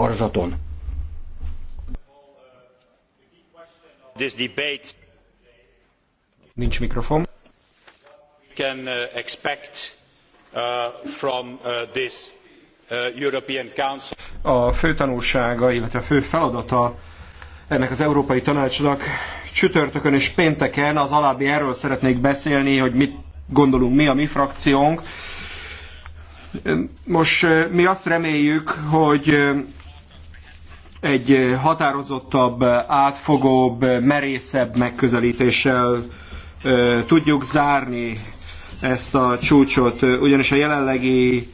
karzaton. Nincs mikrofon. Can uh, expect uh, from uh, this European Council. A fő tanulsága, illetve a fő feladata ennek az Európai Tanácsnak csütörtökön és pénteken az alábbi erről szeretnék beszélni, hogy mit gondolunk mi, a mi frakciónk. Most mi azt reméljük, hogy egy határozottabb, átfogóbb, merészebb megközelítéssel tudjuk zárni ezt a csúcsot, ugyanis a jelenlegi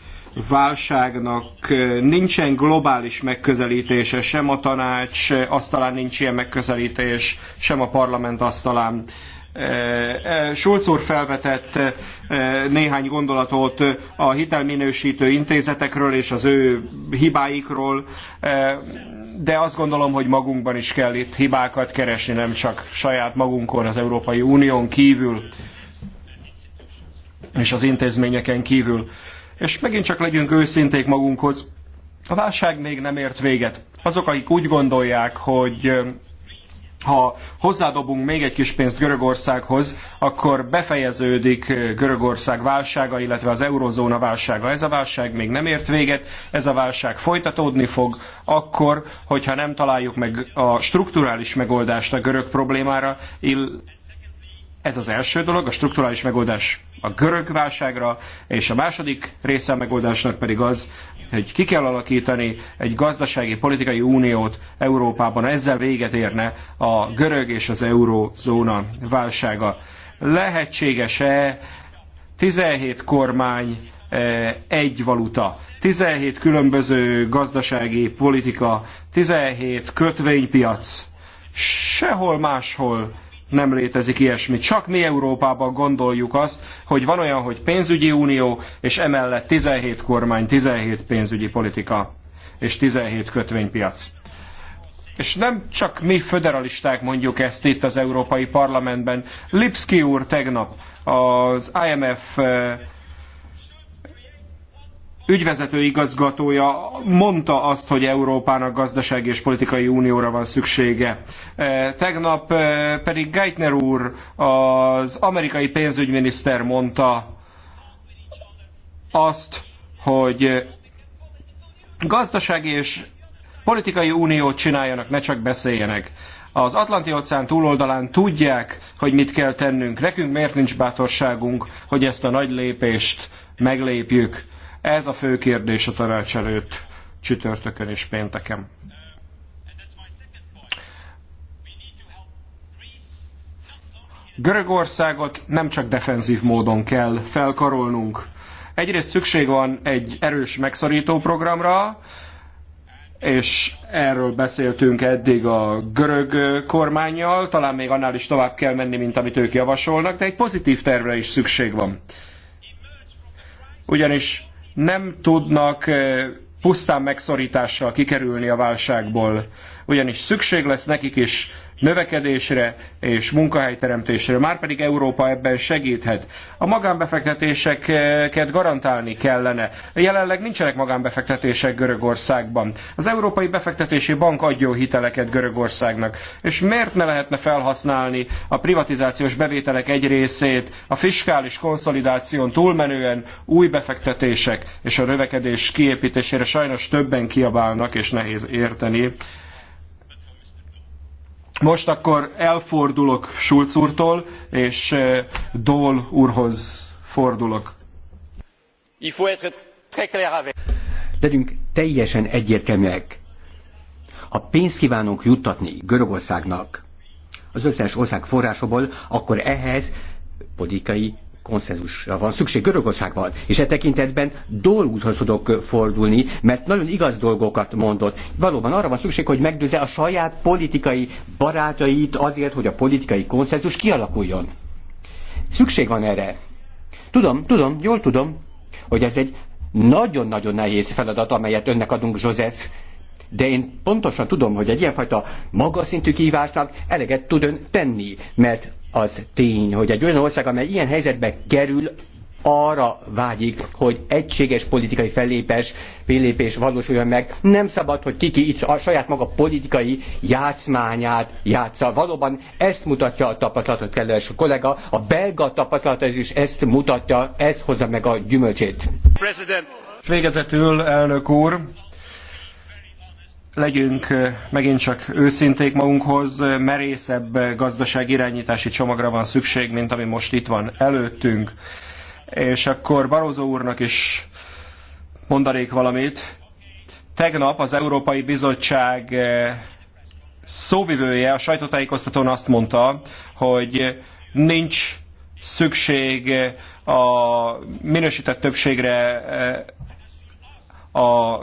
válságnak nincsen globális megközelítése, sem a tanács asztalán nincs ilyen megközelítés, sem a parlament asztalán. Eh, eh, Schulz úr felvetett eh, néhány gondolatot a hitelminősítő intézetekről és az ő hibáikról, de azt gondolom, hogy magunkban is kell itt hibákat keresni, nem csak saját magunkon, az Európai Unión kívül és az intézményeken kívül. És megint csak legyünk őszinték magunkhoz. A válság még nem ért véget. Azok, akik úgy gondolják, hogy ha hozzádobunk még egy kis pénzt Görögországhoz, akkor befejeződik eh, Görögország válsága, illetve az eurozóna válsága. Ez a válság még nem ért véget, ez a válság folytatódni fog, akkor, hogyha nem találjuk meg a strukturális megoldást a görög problémára, ez az első dolog, a strukturális megoldás a görög válságra, és a második része a megoldásnak pedig az, hogy ki kell alakítani egy gazdasági, politikai uniót Európában. Ezzel véget érne a görög és az eurózóna válsága. Lehetséges-e 17 kormány eh, egy valuta, 17 különböző gazdasági politika, 17 kötvénypiac, sehol máshol nem létezik ilyesmi. Csak mi Európában gondoljuk azt, hogy van olyan, hogy pénzügyi unió, és emellett 17 kormány, 17 pénzügyi politika és 17 kötvénypiac. És nem csak mi föderalisták mondjuk ezt itt az Európai Parlamentben. Lipski úr tegnap az IMF eh, ügyvezető igazgatója mondta azt, hogy Európának gazdasági és politikai unióra van szüksége. E, tegnap e, pedig Geithner úr, az amerikai pénzügyminiszter mondta azt, hogy gazdasági és politikai uniót csináljanak, ne csak beszéljenek. Az Atlanti-óceán túloldalán tudják, hogy mit kell tennünk. Nekünk miért nincs bátorságunk, hogy ezt a nagy lépést meglépjük ez a fő kérdés a tanács előtt csütörtökön és pénteken. Görögországot nem csak defenzív módon kell felkarolnunk. Egyrészt szükség van egy erős megszorító programra, és erről beszéltünk eddig a görög kormányjal, talán még annál is tovább kell menni, mint amit ők javasolnak, de egy pozitív tervre is szükség van. Ugyanis nem tudnak eh, pusztán megszorítással kikerülni a válságból ugyanis szükség lesz nekik is növekedésre és munkahelyteremtésre, márpedig Európa ebben segíthet. A magánbefektetéseket garantálni kellene. Jelenleg nincsenek magánbefektetések Görögországban. Az Európai Befektetési Bank adja hiteleket Görögországnak. És miért ne lehetne felhasználni a privatizációs bevételek egy részét a fiskális konszolidáción túlmenően új befektetések és a növekedés kiépítésére sajnos többen kiabálnak és nehéz érteni most akkor elfordulok Schulz úrtól, és eh, Dól úrhoz fordulok. Il faut être très clair avec. Legyünk teljesen egyértelműek. Ha pénzt kívánunk juttatni Görögországnak az összes ország forrásából, akkor ehhez politikai konszenzusra van szükség Görögországban, és e tekintetben Dolgúzhoz tudok fordulni, mert nagyon igaz dolgokat mondott. Valóban arra van szükség, hogy megdőze a saját politikai barátait azért, hogy a politikai konszenzus kialakuljon. Szükség van erre. Tudom, tudom, jól tudom, hogy ez egy nagyon-nagyon nehéz feladat, amelyet önnek adunk, József, de én pontosan tudom, hogy egy ilyenfajta szintű kihívásnak eleget tud ön tenni, mert az tény, hogy egy olyan ország, amely ilyen helyzetbe kerül, arra vágyik, hogy egységes politikai fellépés, fellépés valósuljon meg. Nem szabad, hogy kiki itt a saját maga politikai játszmányát játsza. Valóban ezt mutatja a tapasztalatot, kedves kollega. A belga tapasztalat is ezt mutatja, ez hozza meg a gyümölcsét. President. Végezetül, elnök úr, legyünk megint csak őszinték magunkhoz, merészebb gazdasági irányítási csomagra van szükség, mint ami most itt van előttünk. És akkor Barozó úrnak is mondanék valamit. Tegnap az Európai Bizottság szóvivője a sajtótájékoztatón azt mondta, hogy nincs szükség a minősített többségre a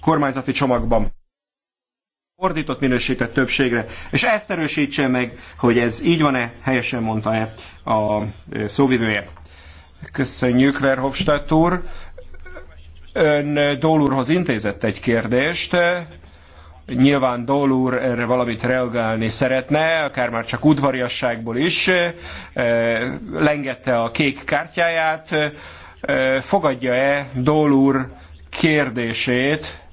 kormányzati csomagban fordított minősített többségre, és ezt erősítse meg, hogy ez így van-e, helyesen mondta-e a e, szóvivője. Köszönjük, Verhofstadt úr. Ön Dól úrhoz intézett egy kérdést. Nyilván Dól úr erre valamit reagálni szeretne, akár már csak udvariasságból is. E, lengette a kék kártyáját. E, fogadja-e Dól úr kérdését?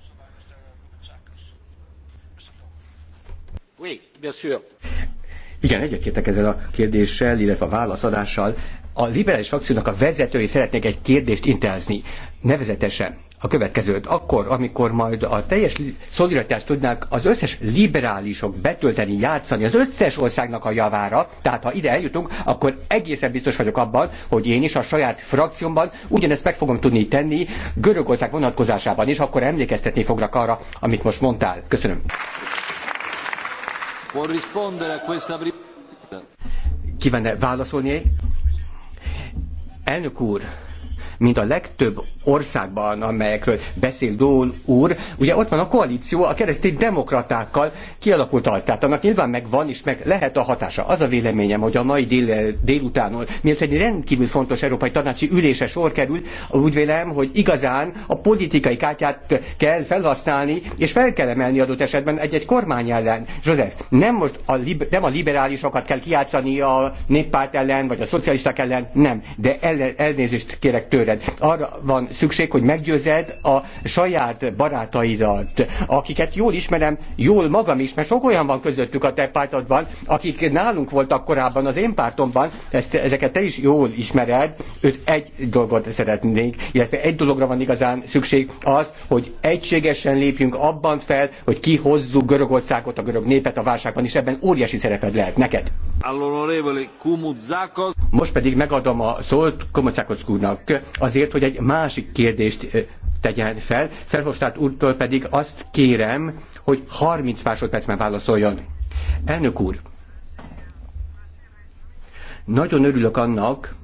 Igen, egyetértek ezzel a kérdéssel, illetve a válaszadással. A liberális frakciónak a vezetői szeretnék egy kérdést intézni, nevezetesen a következőt. Akkor, amikor majd a teljes szolidaritást tudnák az összes liberálisok betölteni, játszani az összes országnak a javára, tehát ha ide eljutunk, akkor egészen biztos vagyok abban, hogy én is a saját frakciómban ugyanezt meg fogom tudni tenni Görögország vonatkozásában, és akkor emlékeztetni fognak arra, amit most mondtál. Köszönöm. Può válaszolni? Elnök úr, mint a legtöbb országban, amelyekről beszél Dón úr, ugye ott van a koalíció a keresztény demokratákkal kialakult az. Tehát annak nyilván megvan és meg lehet a hatása. Az a véleményem, hogy a mai dél, délutánon, miért egy rendkívül fontos európai tanácsi ülése sor került, úgy vélem, hogy igazán a politikai kártyát kell felhasználni, és fel kell emelni adott esetben egy-egy kormány ellen. József, nem most a, lib- nem a liberálisokat kell kiátszani a néppárt ellen, vagy a szocialisták ellen, nem, de el- elnézést kérek tőle tőled. Arra van szükség, hogy meggyőzed a saját barátaidat, akiket jól ismerem, jól magam is, mert sok olyan van közöttük a te pártadban, akik nálunk voltak korábban az én pártomban, ezt, ezeket te is jól ismered, őt egy dolgot szeretnék, illetve egy dologra van igazán szükség, az, hogy egységesen lépjünk abban fel, hogy kihozzuk Görögországot, a görög népet a válságban, és ebben óriási szereped lehet neked. Most pedig megadom a szót Komozákos úrnak azért, hogy egy másik kérdést tegyen fel. Felhostát úrtól pedig azt kérem, hogy 30 másodpercben válaszoljon. Elnök úr, nagyon örülök annak,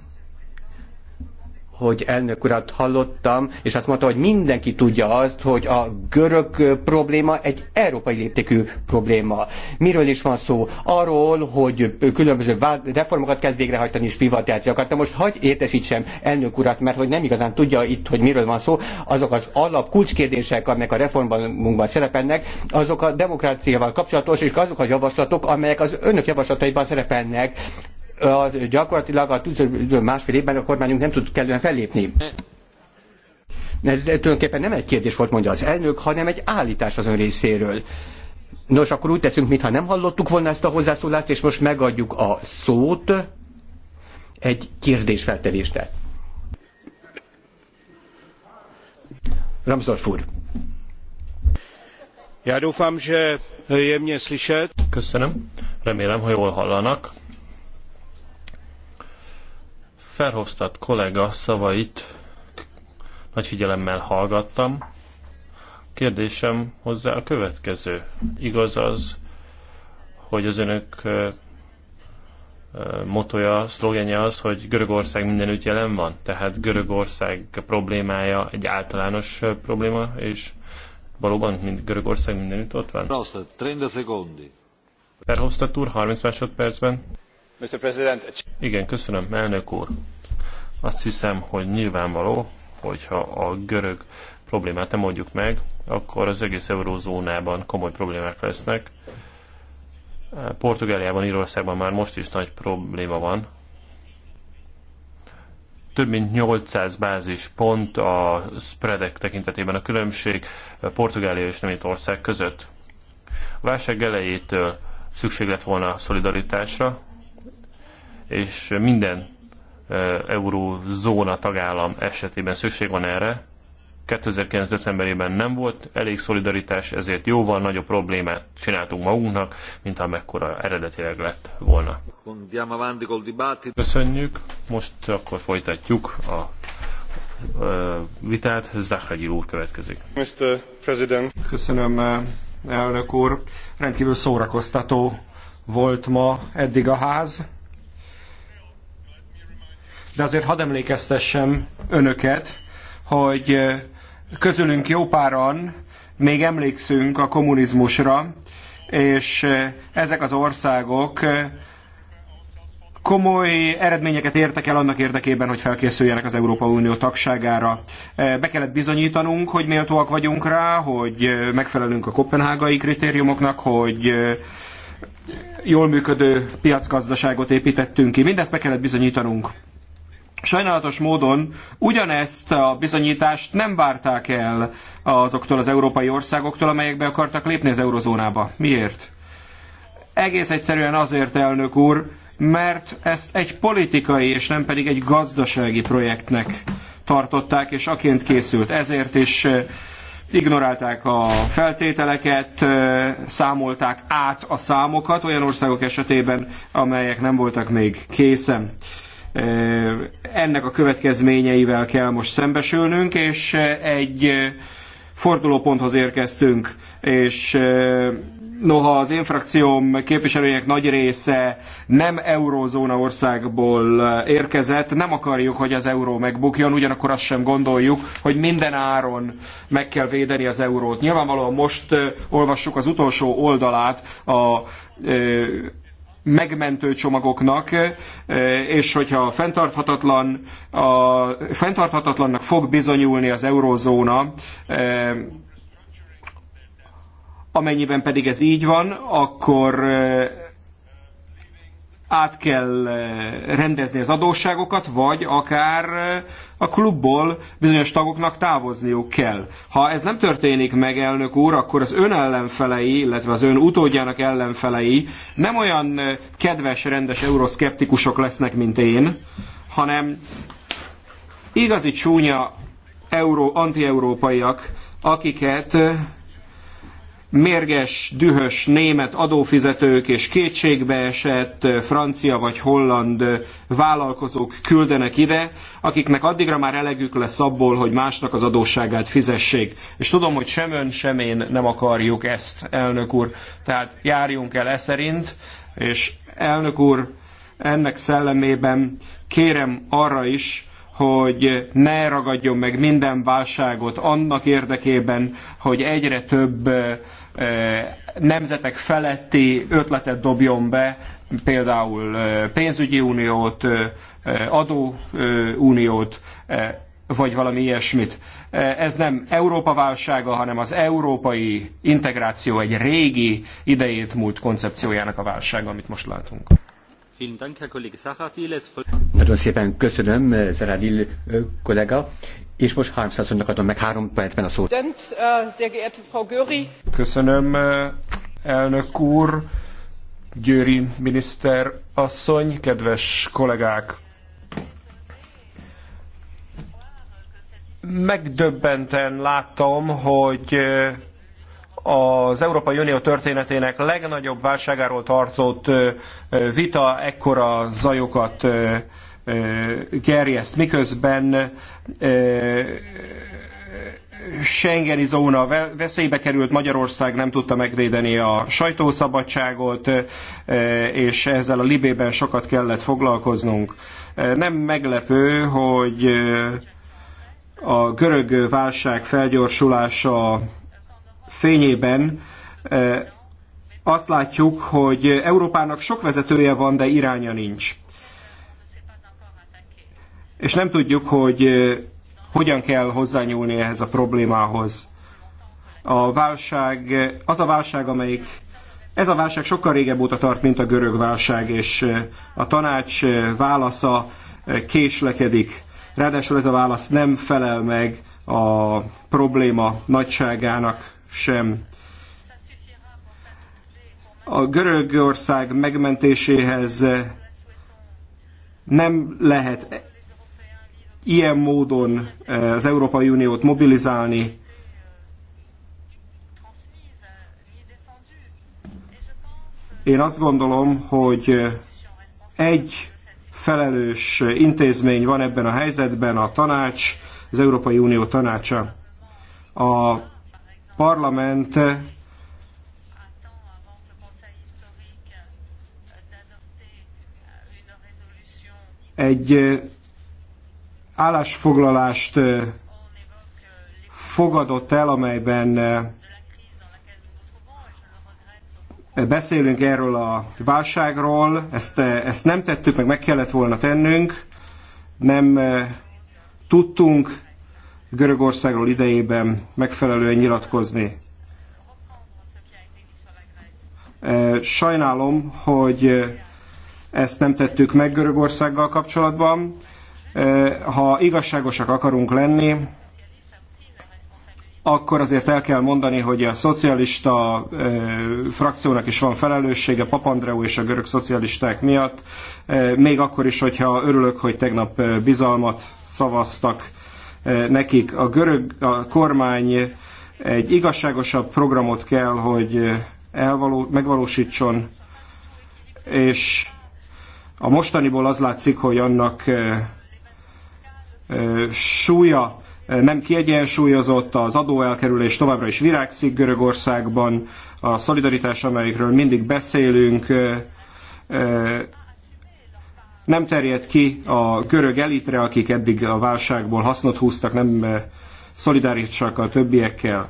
hogy elnök urat hallottam, és azt mondta, hogy mindenki tudja azt, hogy a görög probléma egy európai léptékű probléma. Miről is van szó? Arról, hogy különböző reformokat kell végrehajtani és privatizációkat. De most hagyj értesítsem elnök urat, mert hogy nem igazán tudja itt, hogy miről van szó. Azok az alap kulcskérdések, amelyek a reformunkban szerepelnek, azok a demokráciával kapcsolatos, és azok a javaslatok, amelyek az önök javaslataiban szerepelnek a, gyakorlatilag a tűző másfél évben a kormányunk nem tud kellően fellépni. Ez tulajdonképpen nem egy kérdés volt, mondja az elnök, hanem egy állítás az ön részéről. Nos, akkor úgy teszünk, mintha nem hallottuk volna ezt a hozzászólást, és most megadjuk a szót egy kérdésfeltevésre. Ramsdorf úr. Já doufám, že je mě slyšet. Köszönöm. Remélem, hogy jól hallanak. Ferhofstadt kollega szavait nagy figyelemmel hallgattam. Kérdésem hozzá a következő. Igaz az, hogy az önök motoja, szlogenje az, hogy Görögország mindenütt jelen van. Tehát Görögország problémája egy általános probléma, és valóban mind Görögország mindenütt ott van. Verhofstadt úr, 30 másodpercben. Igen, köszönöm, elnök úr. Azt hiszem, hogy nyilvánvaló, hogyha a görög problémát nem mondjuk meg, akkor az egész eurózónában komoly problémák lesznek. Portugáliában, Írországban már most is nagy probléma van. Több mint 800 bázis pont a spreadek tekintetében a különbség Portugália és Németország között. A válság elejétől szükség lett volna a szolidaritásra, és minden eurózóna tagállam esetében szükség van erre. 2009. decemberében nem volt elég szolidaritás, ezért jóval nagyobb problémát csináltunk magunknak, mint amekkora eredetileg lett volna. Köszönjük, most akkor folytatjuk a vitát. Zahragyi úr következik. Mr. President. Köszönöm, elnök úr. Rendkívül szórakoztató volt ma eddig a ház de azért hadd emlékeztessem önöket, hogy közülünk jó páran még emlékszünk a kommunizmusra, és ezek az országok komoly eredményeket értek el annak érdekében, hogy felkészüljenek az Európa Unió tagságára. Be kellett bizonyítanunk, hogy méltóak vagyunk rá, hogy megfelelünk a kopenhágai kritériumoknak, hogy jól működő piacgazdaságot építettünk ki. Mindezt be kellett bizonyítanunk. Sajnálatos módon ugyanezt a bizonyítást nem várták el azoktól az európai országoktól, amelyekbe akartak lépni az eurozónába. Miért? Egész egyszerűen azért, elnök úr, mert ezt egy politikai és nem pedig egy gazdasági projektnek tartották, és aként készült. Ezért is eh, ignorálták a feltételeket, eh, számolták át a számokat olyan országok esetében, amelyek nem voltak még készen. Ennek a következményeivel kell most szembesülnünk, és egy fordulóponthoz érkeztünk, és noha az én frakcióm képviselőjének nagy része nem eurózóna országból érkezett, nem akarjuk, hogy az euró megbukjon, ugyanakkor azt sem gondoljuk, hogy minden áron meg kell védeni az eurót. Nyilvánvalóan most olvassuk az utolsó oldalát a megmentő csomagoknak, és hogyha fenntarthatatlan, a, fenntarthatatlannak fog bizonyulni az eurózóna, amennyiben pedig ez így van, akkor át kell eh, rendezni az adósságokat, vagy akár eh, a klubból bizonyos tagoknak távozniuk kell. Ha ez nem történik meg, elnök úr, akkor az ön ellenfelei, illetve az ön utódjának ellenfelei nem olyan eh, kedves, rendes euroszkeptikusok lesznek, mint én, hanem igazi csúnya euró, anti-európaiak, akiket mérges, dühös német adófizetők és kétségbeesett francia vagy holland vállalkozók küldenek ide, akiknek addigra már elegük lesz abból, hogy másnak az adósságát fizessék. És tudom, hogy sem ön, sem én nem akarjuk ezt, elnök úr. Tehát járjunk el e szerint, és elnök úr, ennek szellemében kérem arra is, hogy ne ragadjon meg minden válságot annak érdekében, hogy egyre több nemzetek feletti ötletet dobjon be, például pénzügyi uniót, adóuniót, vagy valami ilyesmit. Ez nem Európa válsága, hanem az európai integráció egy régi idejét múlt koncepciójának a válsága, amit most látunk. Nagyon szépen köszönöm, Zeradil kollega. És most Harms asszonynak adom meg három percben a szót. Köszönöm, elnök úr, Győri miniszter asszony, kedves kollégák! Megdöbbenten láttam, hogy az Európai Unió történetének legnagyobb válságáról tartott vita ekkora zajokat gerjeszt, miközben Schengeni zóna veszélybe került, Magyarország nem tudta megvédeni a sajtószabadságot, és ezzel a libében sokat kellett foglalkoznunk. Nem meglepő, hogy a görög válság felgyorsulása fényében azt látjuk, hogy Európának sok vezetője van, de iránya nincs. És nem tudjuk, hogy hogyan kell hozzányúlni ehhez a problémához. A válság, az a válság, amelyik ez a válság sokkal régebb óta tart, mint a görög válság, és a tanács válasza késlekedik. Ráadásul ez a válasz nem felel meg a probléma nagyságának sem. A Görögország megmentéséhez nem lehet ilyen módon eh, az Európai Uniót mobilizálni, Én azt gondolom, hogy egy felelős intézmény van ebben a helyzetben, a tanács, az Európai Unió tanácsa. A parlament eh, egy eh, állásfoglalást eh, fogadott el, amelyben beszélünk erről a válságról, ezt, ezt nem tettük, meg meg kellett volna tennünk, nem tudtunk Görögországról idejében megfelelően nyilatkozni. E, sajnálom, hogy ezt nem tettük meg Görögországgal kapcsolatban. E, ha igazságosak akarunk lenni, akkor azért el kell mondani, hogy a szocialista e, frakciónak is van felelőssége Papandreou és a görög szocialisták miatt, e, még akkor is, hogyha örülök, hogy tegnap e, bizalmat szavaztak nekik. A görög a kormány egy igazságosabb programot kell, hogy elvaló, megvalósítson, és a mostaniból az látszik, hogy annak súlya nem kiegyensúlyozott, az adóelkerülés továbbra is virágszik Görögországban, a szolidaritás, amelyikről mindig beszélünk, nem terjed ki a görög elitre, akik eddig a válságból hasznot húztak, nem eh, szolidárisak a többiekkel.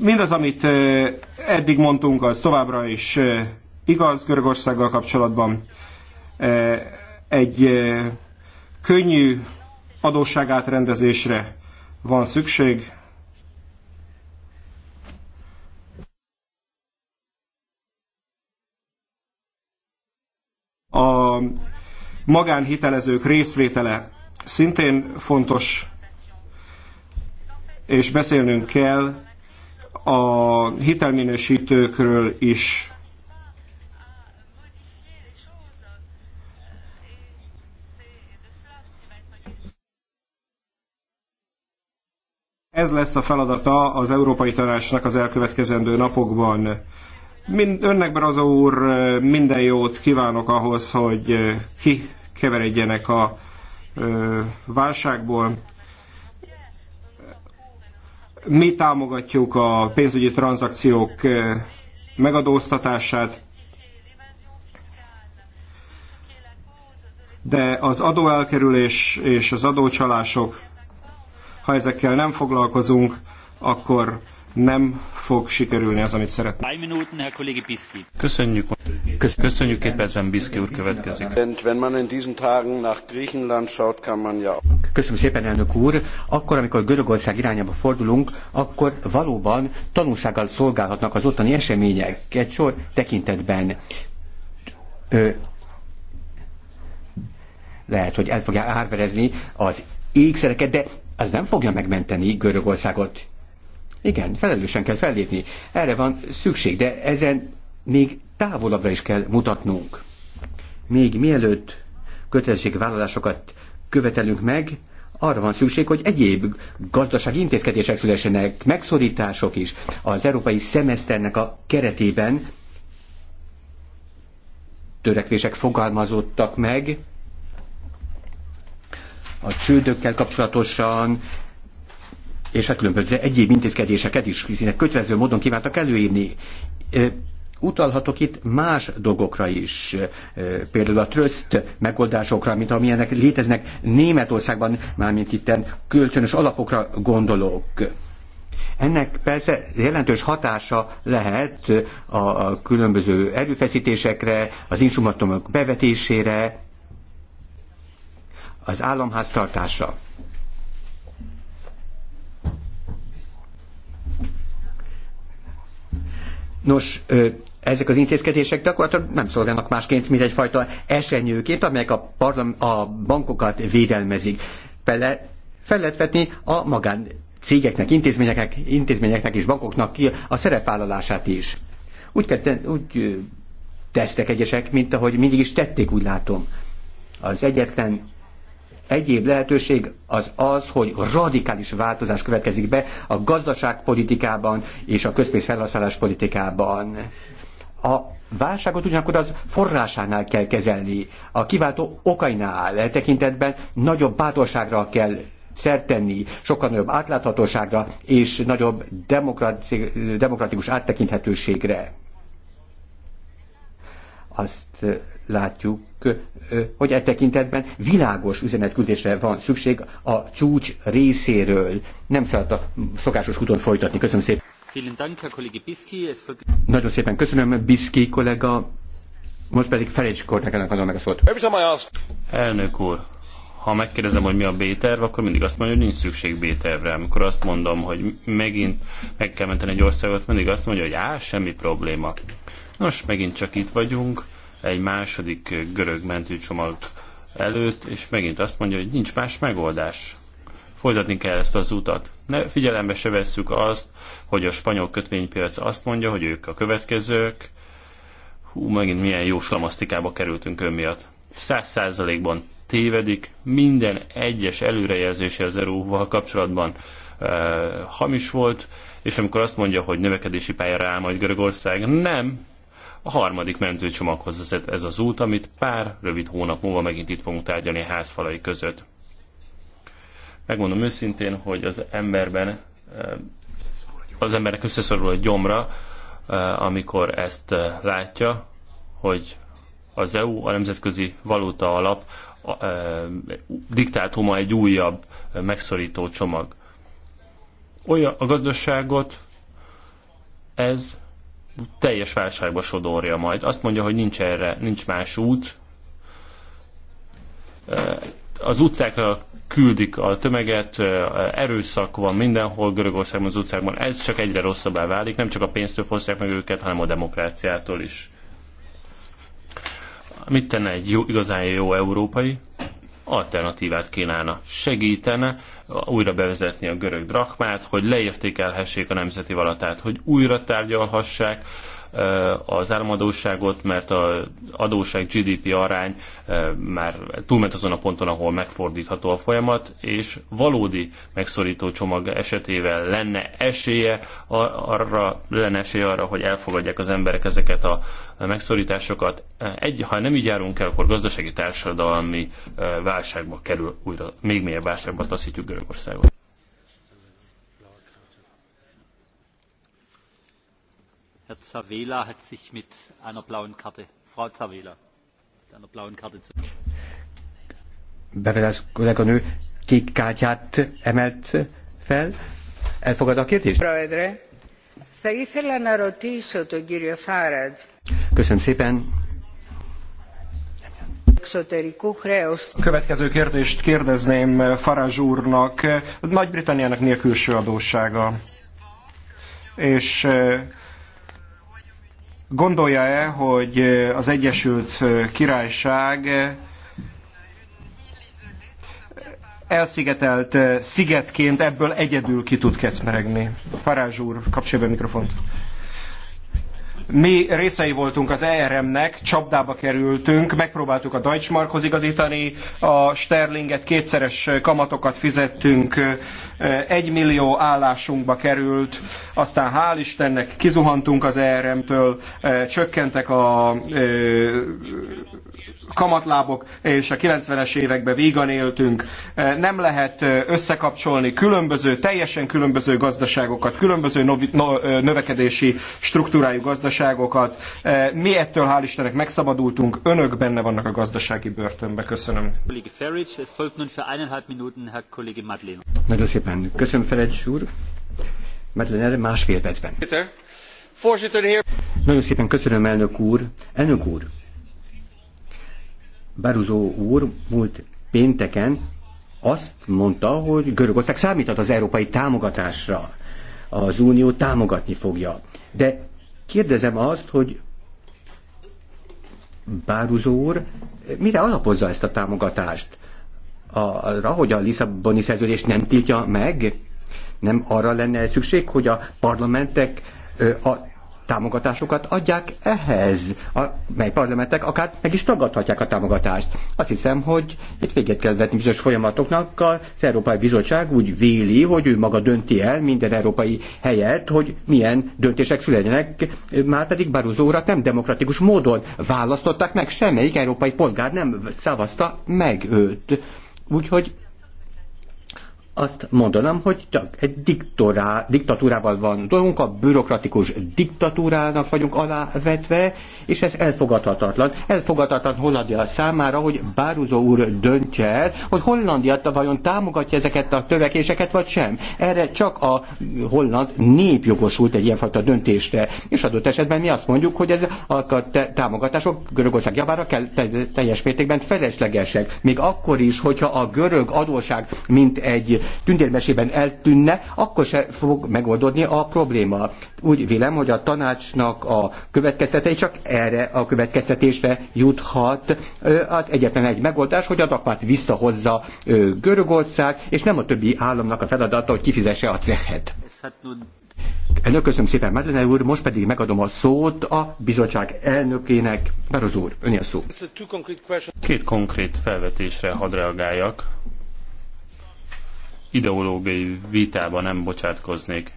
Mindaz, amit eh, eddig mondtunk, az továbbra is eh, igaz Görögországgal kapcsolatban. Egy könnyű adósságátrendezésre van szükség, magánhitelezők részvétele szintén fontos, és beszélnünk kell a hitelminősítőkről is. Ez lesz a feladata az Európai Tanácsnak az elkövetkezendő napokban. Mind, önnek Braza úr minden jót kívánok ahhoz, hogy kikeveredjenek a a válságból. Mi támogatjuk a pénzügyi tranzakciók megadóztatását, de az adóelkerülés és az adócsalások, ha ezekkel nem foglalkozunk, akkor nem fog sikerülni az, amit szeretne. Hát, Köszönjük. Köszönjük két percben, Biszki úr következik. Köszönöm szépen, elnök úr. Akkor, amikor Görögország irányába fordulunk, akkor valóban tanulsággal szolgálhatnak az ottani események egy sor tekintetben. Ö, lehet, hogy el fogja árverezni az ékszereket, de az nem fogja megmenteni Görögországot igen, felelősen kell fellépni. Erre van szükség, de ezen még távolabbra is kell mutatnunk. Még mielőtt kötelezettségvállalásokat követelünk meg, arra van szükség, hogy egyéb gazdasági intézkedések szülessenek, megszorítások is az európai szemeszternek a keretében törekvések fogalmazottak meg, a csődökkel kapcsolatosan, és hát különböző egyéb intézkedéseket is kötelező módon kívántak előírni. Utalhatok itt más dolgokra is, például a tröszt megoldásokra, mint amilyenek léteznek Németországban, mármint itt kölcsönös alapokra gondolok. Ennek persze jelentős hatása lehet a különböző erőfeszítésekre, az instrumentumok bevetésére, az államháztartásra. Nos, ezek az intézkedések gyakorlatilag nem szolgálnak másként, mint egyfajta esenyőként, amelyek a, parlam- a bankokat védelmezik. Fele, fel lehet vetni a magán cégeknek, intézményeknek, intézményeknek és bankoknak a szerepvállalását is. Úgy, kell, úgy tesztek egyesek, mint ahogy mindig is tették, úgy látom. Az egyetlen egyéb lehetőség az az, hogy radikális változás következik be a gazdaságpolitikában és a közpénz felhasználás politikában. A válságot ugyanakkor az forrásánál kell kezelni, a kiváltó okainál e tekintetben nagyobb bátorságra kell szertenni, sokkal nagyobb átláthatóságra és nagyobb demokratikus áttekinthetőségre. Azt látjuk, hogy e tekintetben világos üzenetküldésre van szükség a csúcs részéről. Nem szabad a szokásos úton folytatni. Köszönöm szépen. Nagyon szépen köszönöm, Biszki kollega. Most pedig Ferencs Kornekának adom meg a szót. Elnök úr, ha megkérdezem, hogy mi a B-terv, akkor mindig azt mondja, hogy nincs szükség B-tervre. Amikor azt mondom, hogy megint meg kell menteni egy országot, mindig azt mondja, hogy á, semmi probléma. Nos, megint csak itt vagyunk egy második görög mentőcsomag előtt, és megint azt mondja, hogy nincs más megoldás. Folytatni kell ezt az utat. Ne figyelembe se vesszük azt, hogy a spanyol kötvénypiac azt mondja, hogy ők a következők. Hú, megint milyen jó slamasztikába kerültünk ön miatt. Száz százalékban tévedik, minden egyes előrejelzése az euróval kapcsolatban e, hamis volt, és amikor azt mondja, hogy növekedési pályára áll majd Görögország, nem, a harmadik mentőcsomaghoz vezet ez az út, amit pár rövid hónap múlva megint itt fogunk tárgyalni a házfalai között. Megmondom őszintén, hogy az emberben, eh, az emberek összeszorul a gyomra, eh, amikor ezt eh, látja, hogy az EU, a Nemzetközi Valuta Alap diktátuma egy újabb megszorító csomag. Olyan a gazdaságot ez teljes válságba sodorja majd. Azt mondja, hogy nincs erre, nincs más út. Az utcákra küldik a tömeget, erőszak van mindenhol, Görögországban az utcákban. Ez csak egyre rosszabbá válik, nem csak a pénztől fosztják meg őket, hanem a demokráciától is. Mit tenne egy jó, igazán jó európai? alternatívát kínálna. Segítene újra bevezetni a görög drachmát, hogy leértékelhessék a nemzeti valatát, hogy újra tárgyalhassák az államadóságot, mert a adóság GDP arány már túlment azon a ponton, ahol megfordítható a folyamat, és valódi megszorító csomag esetével lenne esélye arra, lenne esélye arra, hogy elfogadják az emberek ezeket a megszorításokat. Egy, ha nem így járunk el, akkor gazdasági társadalmi válságba kerül újra, még mélyebb válságba taszítjuk Görögországot. Herr Zavela hat sich mit einer blauen Karte, Frau Zavela, mit einer blauen Karte zu... Beveles kolléganő kék kártyát emelt fel. Elfogad a kérdést? Proedre, θα ήθελα να ρωτήσω Köszönöm szépen. A következő kérdést kérdezném Farázs úrnak. Nagy-Britanniának a külső adóssága? És Gondolja-e, hogy eh, az Egyesült eh, Királyság eh, elszigetelt szigetként ebből egyedül ki tud kecmeregni? Farázs úr, kapcsolja be a mikrofont. Mi részei voltunk az ERM-nek, csapdába kerültünk, megpróbáltuk a Deutschmarkhoz igazítani a sterlinget, kétszeres kamatokat fizettünk egy millió állásunkba került, aztán hál' Istennek kizuhantunk az ERM-től, csökkentek a kamatlábok, és a 90-es években vígan éltünk. Nem lehet összekapcsolni különböző, teljesen különböző gazdaságokat, különböző növekedési struktúrájú gazdaságokat. Mi ettől hál' Istennek megszabadultunk, önök benne vannak a gazdasági börtönbe. Köszönöm. Nagyon szépen percben. Köszönöm, Ferencs úr. Medlener másfél percben. Nagyon szépen köszönöm, elnök úr. Elnök úr, Baruzó úr múlt pénteken azt mondta, hogy Görögország számíthat az európai támogatásra. Az Unió támogatni fogja. De kérdezem azt, hogy Báruzó úr mire alapozza ezt a támogatást? arra, hogy a Lisszaboni szerződés nem tiltja meg? Nem arra lenne szükség, hogy a parlamentek a támogatásokat adják ehhez, a, mely parlamentek akár meg is tagadhatják a támogatást. Azt hiszem, hogy itt véget kell vetni bizonyos folyamatoknak. Az Európai Bizottság úgy véli, hogy ő maga dönti el minden európai helyet, hogy milyen döntések születjenek, már pedig Barroso nem demokratikus módon választották meg, semmelyik európai polgár nem szavazta meg őt. Úgyhogy azt mondanám, hogy egy diktorá, diktatúrával van dolgunk, a bürokratikus diktatúrának vagyunk alávetve, és ez elfogadhatatlan. Elfogadhatatlan Hollandia számára, hogy Báruzó úr döntse el, hogy Hollandia vajon támogatja ezeket a törekéseket, vagy sem. Erre csak a holland nép jogosult egy ilyenfajta döntésre. És adott esetben mi azt mondjuk, hogy ez a támogatások Görögország javára kell teljes mértékben feleslegesek. Még akkor is, hogyha a görög adóság mint egy tündérmesében eltűnne, akkor se fog megoldódni a probléma. Úgy vélem, hogy a tanácsnak a következtetei csak erre a következtetésre juthat. Az egyetlen egy megoldás, hogy a dakmát visszahozza Görögország, és nem a többi államnak a feladata, hogy kifizesse a cehet. Elnök, köszönöm szépen, Medlene úr, most pedig megadom a szót a bizottság elnökének. Barozó úr, önél szó. Két konkrét felvetésre hadd reagáljak ideológiai vitába nem bocsátkoznék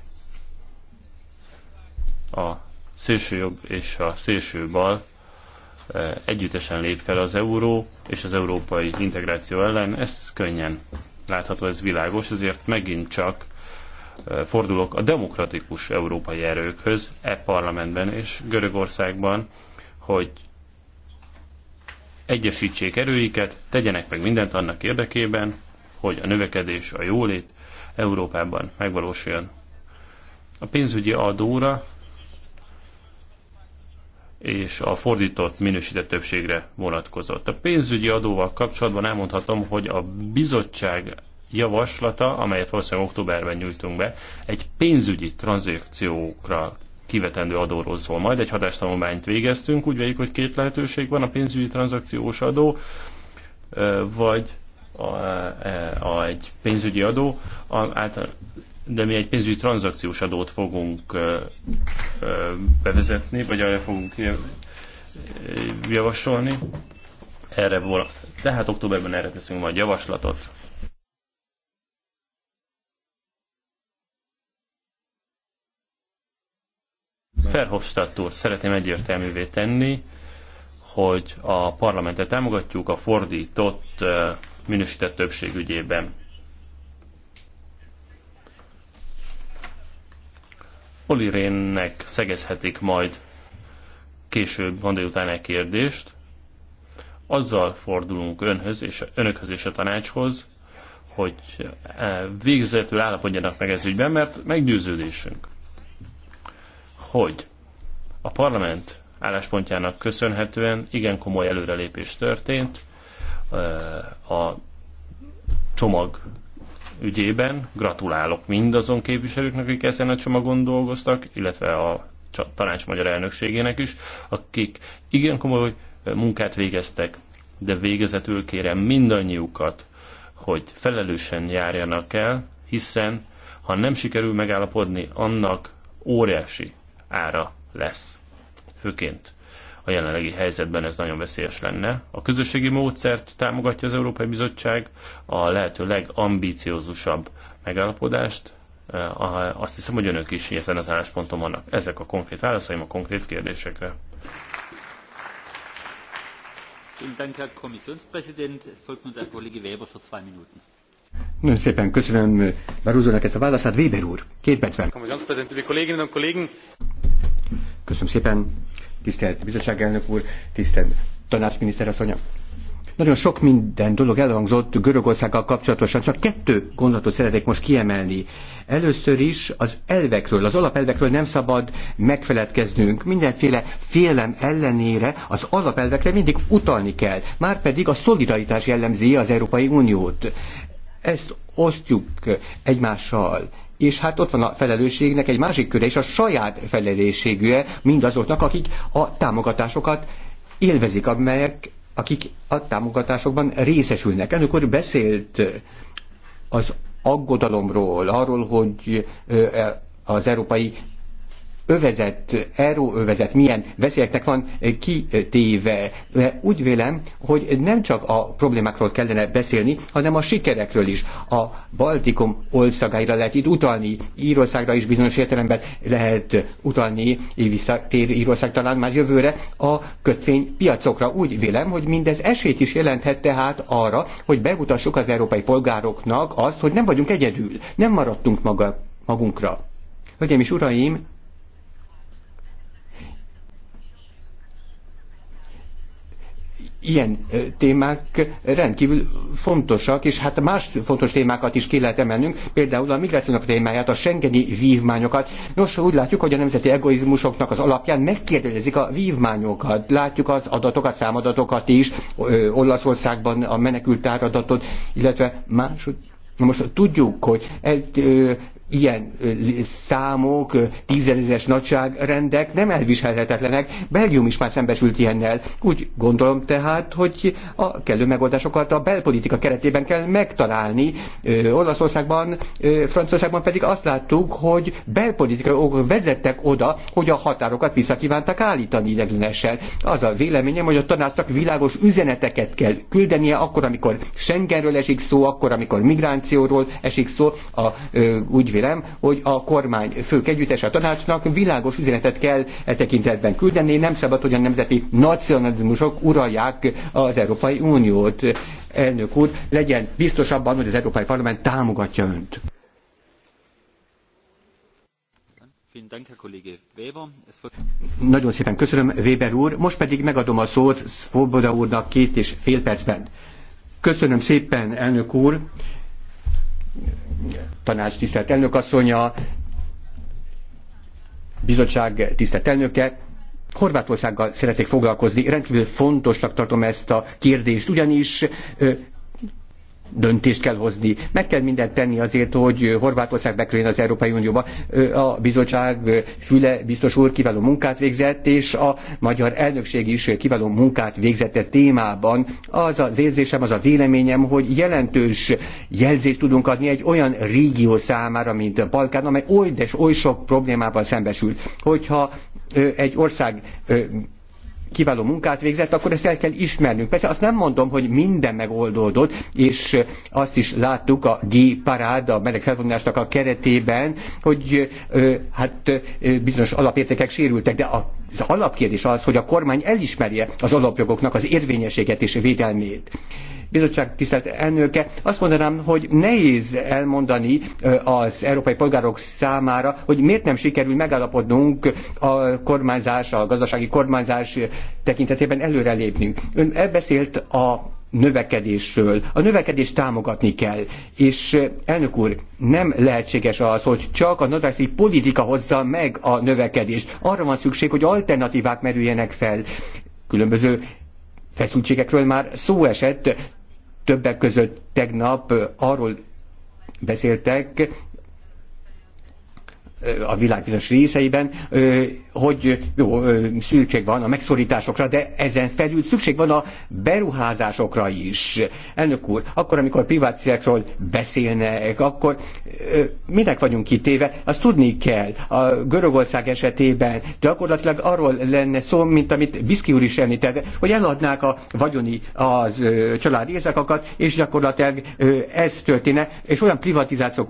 a szélső jobb és a szélső bal e, együttesen lép fel az euró és az európai integráció ellen, ez könnyen látható, ez világos, ezért megint csak e, fordulok a demokratikus európai erőkhöz, e parlamentben és Görögországban, hogy egyesítsék erőiket, tegyenek meg mindent annak érdekében, hogy a növekedés, a jólét Európában megvalósuljon. A pénzügyi adóra és a fordított minősített többségre vonatkozott. A pénzügyi adóval kapcsolatban elmondhatom, hogy a bizottság javaslata, amelyet valószínűleg októberben nyújtunk be, egy pénzügyi tranzakciókra kivetendő adóról szól. Majd egy hatástanulmányt végeztünk, úgy vegyük, hogy két lehetőség van, a pénzügyi tranzakciós adó, vagy a, a, egy pénzügyi adó, a, által, de mi egy pénzügyi tranzakciós adót fogunk ö, ö, bevezetni, vagy arra fogunk javasolni. Erre volna. Tehát októberben erre teszünk majd javaslatot. Ferhofstadt úr, szeretném egyértelművé tenni, hogy a parlamentet támogatjuk a fordított minősített többség ügyében. Oli Rénnek szegezhetik majd később van után egy kérdést. Azzal fordulunk önhöz és, önökhöz és a tanácshoz, hogy végzetül állapodjanak meg ez ügyben, mert meggyőződésünk, hogy a parlament álláspontjának köszönhetően igen komoly előrelépés történt a csomag ügyében. Gratulálok mindazon képviselőknek, akik ezen a csomagon dolgoztak, illetve a tanács magyar elnökségének is, akik igen komoly munkát végeztek, de végezetül kérem mindannyiukat, hogy felelősen járjanak el, hiszen ha nem sikerül megállapodni, annak óriási ára lesz főként a jelenlegi helyzetben ez nagyon veszélyes lenne. A közösségi módszert támogatja az Európai Bizottság, a lehető legambíciózusabb megállapodást. Eh, azt hiszem, hogy önök is ezen az állásponton vannak. Ezek a konkrét válaszaim a konkrét kérdésekre. Nagyon szépen köszönöm Barúzónak ezt a válaszát. Weber úr, két percben. Köszönöm szépen, tisztelt bizottságelnök úr, tisztelt tanácsminiszter asszonya. Nagyon sok minden dolog elhangzott Görögországgal kapcsolatosan, csak kettő gondolatot szeretnék most kiemelni. Először is az elvekről, az alapelvekről nem szabad megfeledkeznünk. Mindenféle félem ellenére az alapelvekre mindig utalni kell. Márpedig a szolidaritás jellemzi az Európai Uniót. Ezt osztjuk egymással és hát ott van a felelősségnek egy másik köre és a saját felelősségűe mindazoknak, akik a támogatásokat élvezik, amelyek, akik a támogatásokban részesülnek. Amikor beszélt az aggodalomról, arról, hogy e, az európai övezet, övezet, milyen veszélyeknek van kitéve. Úgy vélem, hogy nem csak a problémákról kellene beszélni, hanem a sikerekről is. A Baltikum országaira lehet itt utalni, Írországra is bizonyos értelemben lehet utalni, visszatér Írország talán már jövőre a kötvénypiacokra. Úgy vélem, hogy mindez esélyt is jelenthet tehát arra, hogy bemutassuk az európai polgároknak azt, hogy nem vagyunk egyedül, nem maradtunk maga, magunkra. Hölgyeim és uraim, ilyen témák rendkívül fontosak, és hát más fontos témákat is ki lehet emelnünk, például a migrációnak témáját, a sengeni vívmányokat. Nos, úgy látjuk, hogy a nemzeti egoizmusoknak az alapján megkérdezik a vívmányokat. Látjuk az adatokat, számadatokat is, Olaszországban a menekült áradatot, illetve más, Na most tudjuk, hogy ez ö, ilyen számok, tízezeres nagyságrendek nem elviselhetetlenek. Belgium is már szembesült ilyennel. Úgy gondolom tehát, hogy a kellő megoldásokat a belpolitika keretében kell megtalálni. Olaszországban, Franciaországban pedig azt láttuk, hogy belpolitikai okok vezettek oda, hogy a határokat visszakívántak állítani ideglenesen. Az a véleményem, hogy a tanácsnak világos üzeneteket kell küldenie akkor, amikor Schengenről esik szó, akkor, amikor migrációról esik szó, a, úgy kérem, hogy a kormány fők együttes a tanácsnak világos üzenetet kell e tekintetben küldeni, nem szabad, hogy a nemzeti nacionalizmusok uralják az Európai Uniót. Elnök úr, legyen biztos abban, hogy az Európai Parlament támogatja önt. Nagyon szépen köszönöm, Weber úr. Most pedig megadom a szót Svoboda úrnak két és fél percben. Köszönöm szépen, elnök úr tanács tisztelt elnökasszonya, bizottság tisztelt elnöke, Horvátországgal szeretnék foglalkozni, rendkívül fontosnak tartom ezt a kérdést, ugyanis döntést kell hozni. Meg kell mindent tenni azért, hogy Horvátország bekerüljön az Európai Unióba. A bizottság Füle biztos úr kiváló munkát végzett, és a magyar elnökség is kiváló munkát végzett a e témában. Az az érzésem, az a véleményem, hogy jelentős jelzést tudunk adni egy olyan régió számára, mint a Balkán, amely oly, de oly sok problémával szembesül. Hogyha egy ország kiváló munkát végzett, akkor ezt el kell ismernünk. Persze azt nem mondom, hogy minden megoldódott, és azt is láttuk a G parád, a meleg a keretében, hogy hát bizonyos alapértékek sérültek, de az alapkérdés az, hogy a kormány elismerje az alapjogoknak az érvényességet és védelmét bizottság tisztelt elnöke, azt mondanám, hogy nehéz elmondani az európai polgárok számára, hogy miért nem sikerül megállapodnunk a kormányzás, a gazdasági kormányzás tekintetében előrelépnünk. Ön beszélt a növekedésről. A növekedést támogatni kell. És elnök úr, nem lehetséges az, hogy csak a nadrászi politika hozza meg a növekedést. Arra van szükség, hogy alternatívák merüljenek fel. Különböző feszültségekről már szó esett, többek között tegnap arról beszéltek, a világ bizonyos részeiben, hogy jó, szükség van a megszorításokra, de ezen felül szükség van a beruházásokra is. Elnök úr, akkor, amikor priváciákról beszélnek, akkor minek vagyunk kitéve, azt tudni kell. A Görögország esetében gyakorlatilag arról lenne szó, mint amit Biszki úr is említett, hogy eladnák a vagyoni az család éjszakakat, és gyakorlatilag ez történne, és olyan privatizációk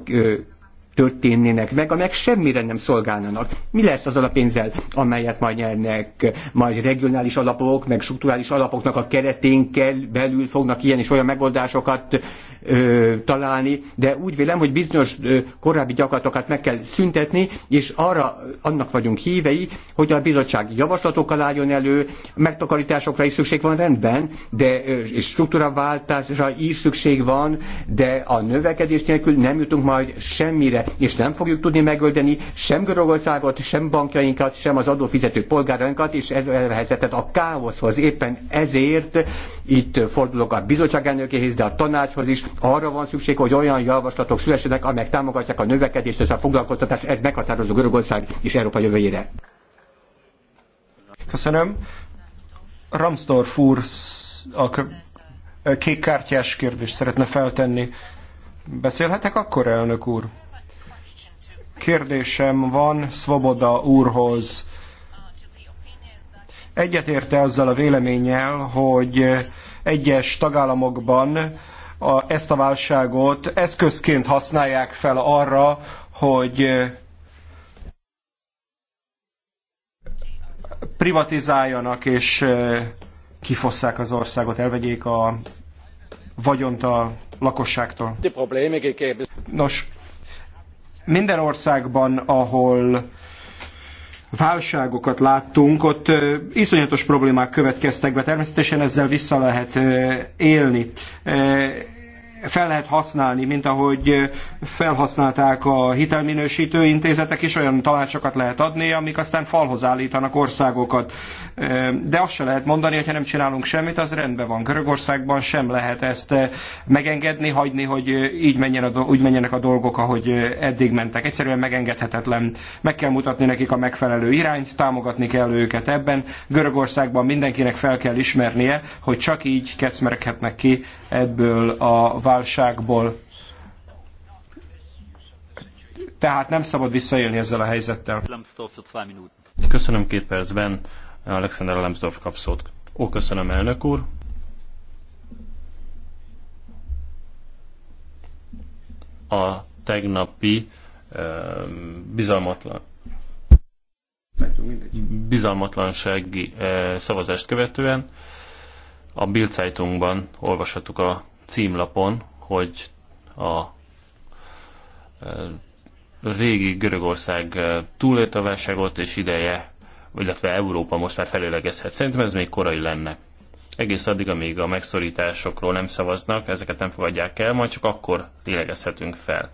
történnének meg, amelyek semmire nem szolgálnának. Mi lesz azzal a pénzzel, amelyet majd nyernek? Majd regionális alapok, meg strukturális alapoknak a keretén belül fognak ilyen és olyan megoldásokat ö, találni, de úgy vélem, hogy bizonyos ö, korábbi gyakorlatokat meg kell szüntetni, és arra annak vagyunk hívei, hogy a bizottság javaslatokkal álljon elő, megtakarításokra is szükség van rendben, de ö, és struktúraváltásra is szükség van, de a növekedés nélkül nem jutunk majd semmire, és nem fogjuk tudni megölteni sem Görögországot, sem bankjainkat, sem az adófizető polgárainkat, és ez helyzetet a káoszhoz. Éppen ezért itt fordulok a bizottság elnökéhez, de a tanácshoz is, arra van szükség, hogy olyan javaslatok szülessenek, amelyek támogatják a növekedést és a foglalkoztatást. Ez meghatározó Görögország és Európa jövőjére. Köszönöm. Ramsdorf úr a kék kártyás kérdést szeretne feltenni. Beszélhetek akkor, elnök úr? Kérdésem van Svoboda úrhoz. Egyetérte azzal a véleménnyel, hogy egyes tagállamokban a, ezt a válságot eszközként használják fel arra, hogy eh, privatizáljanak és eh, kifosszák az országot, elvegyék a vagyont a lakosságtól. Nos, minden országban, ahol válságokat láttunk, ott iszonyatos problémák következtek be. Természetesen ezzel vissza lehet élni fel lehet használni, mint ahogy felhasználták a hitelminősítő intézetek is, olyan tanácsokat lehet adni, amik aztán falhoz állítanak országokat. De azt se lehet mondani, hogy ha nem csinálunk semmit, az rendben van. Görögországban sem lehet ezt megengedni, hagyni, hogy így menjen a, úgy menjenek a dolgok, ahogy eddig mentek. Egyszerűen megengedhetetlen. Meg kell mutatni nekik a megfelelő irányt, támogatni kell őket ebben. Görögországban mindenkinek fel kell ismernie, hogy csak így kecmerekhetnek ki ebből a válságból. Tehát nem szabad visszaélni ezzel a helyzettel. Köszönöm két percben. Alexander Lemsdorf kap szót. Ó, köszönöm, elnök úr. A tegnapi bizalmatlan bizalmatlansági szavazást követően a Bild olvashattuk a címlapon, hogy a régi Görögország túlélt a válságot, és ideje, illetve Európa most már felélegezhet. Szerintem ez még korai lenne. Egész addig, amíg a megszorításokról nem szavaznak, ezeket nem fogadják el, majd csak akkor lélegezhetünk fel.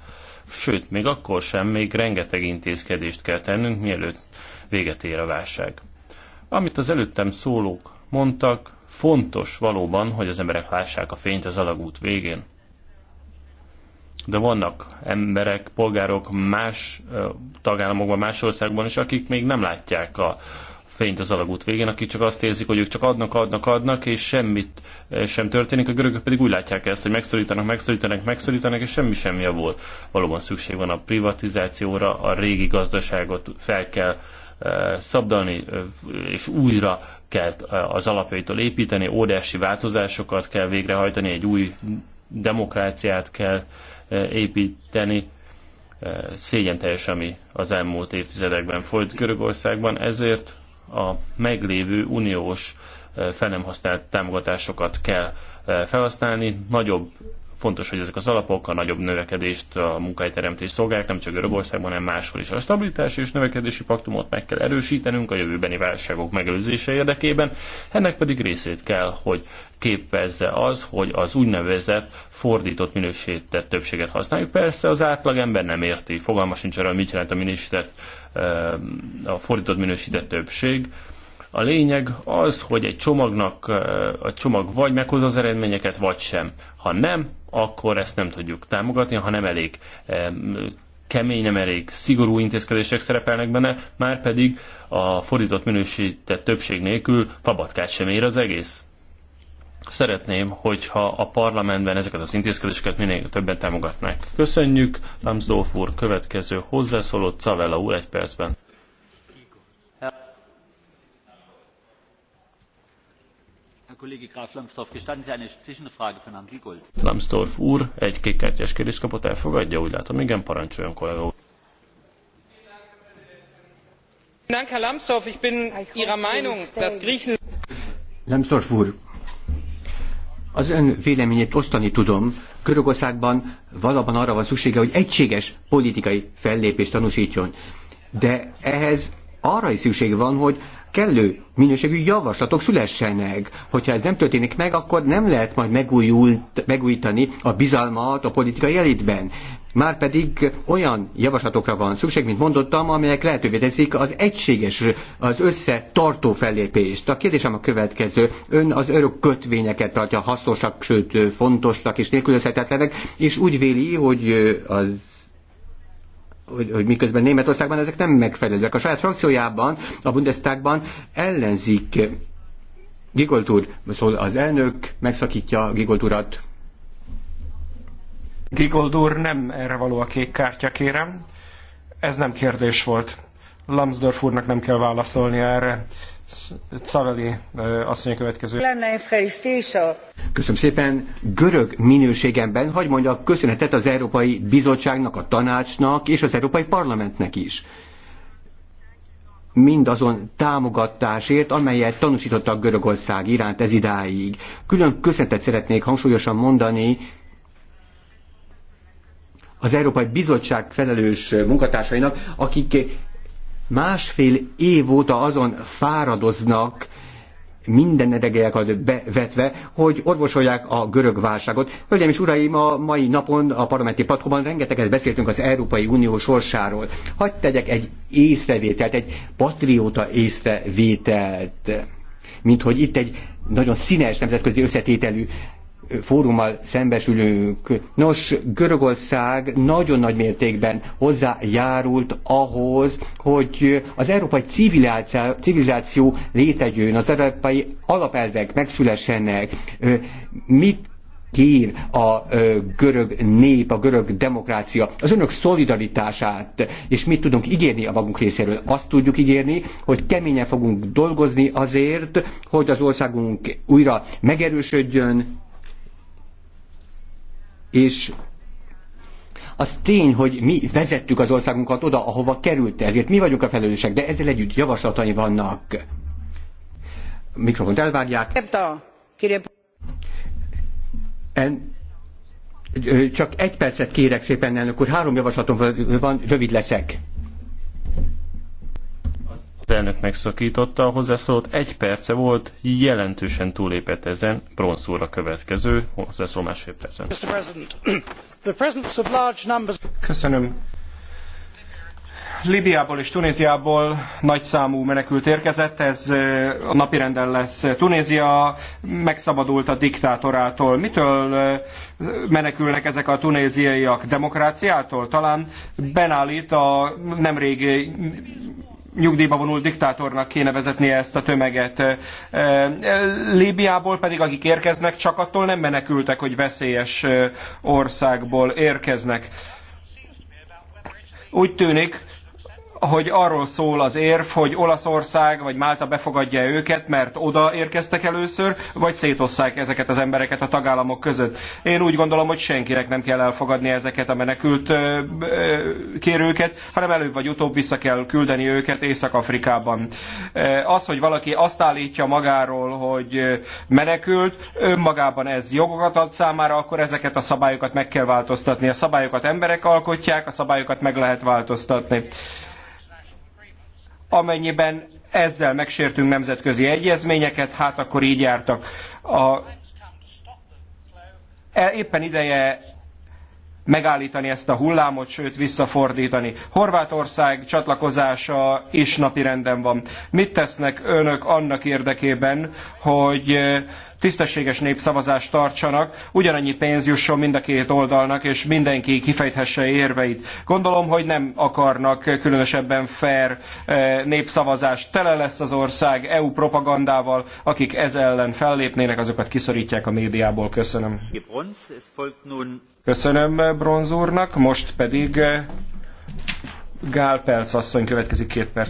Sőt, még akkor sem, még rengeteg intézkedést kell tennünk, mielőtt véget ér a válság. Amit az előttem szólók mondtak, Fontos valóban, hogy az emberek lássák a fényt az alagút végén. De vannak emberek, polgárok más tagállamokban, más országban is, akik még nem látják a fényt az alagút végén, akik csak azt érzik, hogy ők csak adnak, adnak, adnak, és semmit sem történik. A görögök pedig úgy látják ezt, hogy megszorítanak, megszorítanak, megszorítanak, és semmi sem javul. Valóban szükség van a privatizációra, a régi gazdaságot fel kell szabdalni és újra kell az alapjaitól építeni, óriási változásokat kell végrehajtani, egy új demokráciát kell építeni. Szégyen teljes, ami az elmúlt évtizedekben folyt Görögországban, ezért a meglévő uniós fel nem használt támogatásokat kell felhasználni, nagyobb Fontos, hogy ezek az alapok a nagyobb növekedést, a munkahelyteremtést szolgálják, nem csak Görögországban, hanem máshol is. A stabilitási és növekedési paktumot meg kell erősítenünk a jövőbeni válságok megelőzése érdekében, ennek pedig részét kell, hogy képezze az, hogy az úgynevezett fordított minősített többséget használjuk. Persze az átlagember nem érti, fogalma sincs arra, mit jelent a minősített, a fordított minősített többség a lényeg az, hogy egy csomagnak a csomag vagy meghoz az eredményeket, vagy sem. Ha nem, akkor ezt nem tudjuk támogatni, ha nem elég kemény, nem elég szigorú intézkedések szerepelnek benne, már pedig a fordított minősített többség nélkül fabatkát sem ér az egész. Szeretném, hogyha a parlamentben ezeket az intézkedéseket minél többen támogatnák. Köszönjük, Lambsdorff úr, következő hozzászólott Cavella úr egy percben. Lambsdorff úr egy kékkártyás kérdést kapott, elfogadja? Úgy látom, igen, parancsoljon kollega úr. Lambsdorff úr, az ön véleményét osztani tudom. Görögországban valóban arra van szüksége, hogy egységes politikai fellépést tanúsítson. De ehhez arra is szükség van, hogy kellő minőségű javaslatok szülessenek. Hogyha ez nem történik meg, akkor nem lehet majd megújult, megújítani a bizalmat a politikai elitben. Márpedig olyan javaslatokra van szükség, mint mondottam, amelyek lehetővé teszik az egységes, az összetartó fellépést. A kérdésem a következő. Ön az örök kötvényeket tartja hasznosak, sőt fontosnak és nélkülözhetetlenek, és úgy véli, hogy az hogy, hogy miközben Németországban ezek nem megfelelőek. A saját frakciójában, a Bundestagban ellenzik Gigoltúr, szóval az elnök, megszakítja Gigoltúrat. urat. nem erre való a kék kártya, kérem. Ez nem kérdés volt. Lambsdorff úrnak nem kell válaszolni erre. Czarali asszony a következő. Köszönöm szépen. Görög minőségemben, hogy mondjak, köszönetet az Európai Bizottságnak, a tanácsnak és az Európai Parlamentnek is mindazon támogatásért, amelyet tanúsítottak Görögország iránt ez idáig. Külön köszönetet szeretnék hangsúlyosan mondani az Európai Bizottság felelős munkatársainak, akik másfél év óta azon fáradoznak, minden edegelyeket bevetve, hogy orvosolják a görög válságot. Hölgyeim és uraim, a mai napon a parlamenti patkóban rengeteget beszéltünk az Európai Unió sorsáról. Hagy tegyek egy észrevételt, egy patrióta észrevételt, mint hogy itt egy nagyon színes nemzetközi összetételű fórummal szembesülünk. Nos, Görögország nagyon nagy mértékben hozzájárult ahhoz, hogy az európai civilizáció létegyőn, az európai alapelvek megszülessenek. Mit kér a görög nép, a görög demokrácia, az önök szolidaritását, és mit tudunk ígérni a magunk részéről. Azt tudjuk ígérni, hogy keményen fogunk dolgozni azért, hogy az országunk újra megerősödjön, és az tény, hogy mi vezettük az országunkat oda, ahova került, ezért mi vagyunk a felelősek, de ezzel együtt javaslatai vannak. Mikrofont elvágják. En, csak egy percet kérek szépen, elnök úr, három javaslatom van, rövid leszek. Az elnök megszakította a hozzászólót, egy perce volt, jelentősen túlépett ezen, bronzúra következő, hozzászól másfél percen. Köszönöm. Libiából és Tunéziából nagy számú menekült érkezett, ez a napirenden lesz. Tunézia megszabadult a diktátorától. Mitől menekülnek ezek a tunéziaiak? Demokráciától? Talán Benálit a nemrég nyugdíjba vonult diktátornak kéne vezetnie ezt a tömeget. Líbiából pedig akik érkeznek, csak attól nem menekültek, hogy veszélyes országból érkeznek. Úgy tűnik, hogy arról szól az érv, hogy Olaszország vagy Málta befogadja őket, mert oda érkeztek először, vagy szétosszák ezeket az embereket a tagállamok között. Én úgy gondolom, hogy senkinek nem kell elfogadni ezeket a menekült kérőket, hanem előbb vagy utóbb vissza kell küldeni őket Észak-Afrikában. Az, hogy valaki azt állítja magáról, hogy menekült, önmagában ez jogokat ad számára, akkor ezeket a szabályokat meg kell változtatni. A szabályokat emberek alkotják, a szabályokat meg lehet változtatni amennyiben ezzel megsértünk nemzetközi egyezményeket, hát akkor így jártak. A, e, éppen ideje megállítani ezt a hullámot, sőt visszafordítani. Horvátország csatlakozása is napirenden van. Mit tesznek önök annak érdekében, hogy tisztességes népszavazást tartsanak, ugyanannyi pénz jusson mind a két oldalnak, és mindenki kifejthesse érveit. Gondolom, hogy nem akarnak különösebben fair eh, népszavazást. Tele lesz az ország EU propagandával, akik ez ellen fellépnének, azokat kiszorítják a médiából. Köszönöm. Köszönöm eh, Bronzúrnak. úrnak, most pedig eh, Gál Pelc asszony következik két perc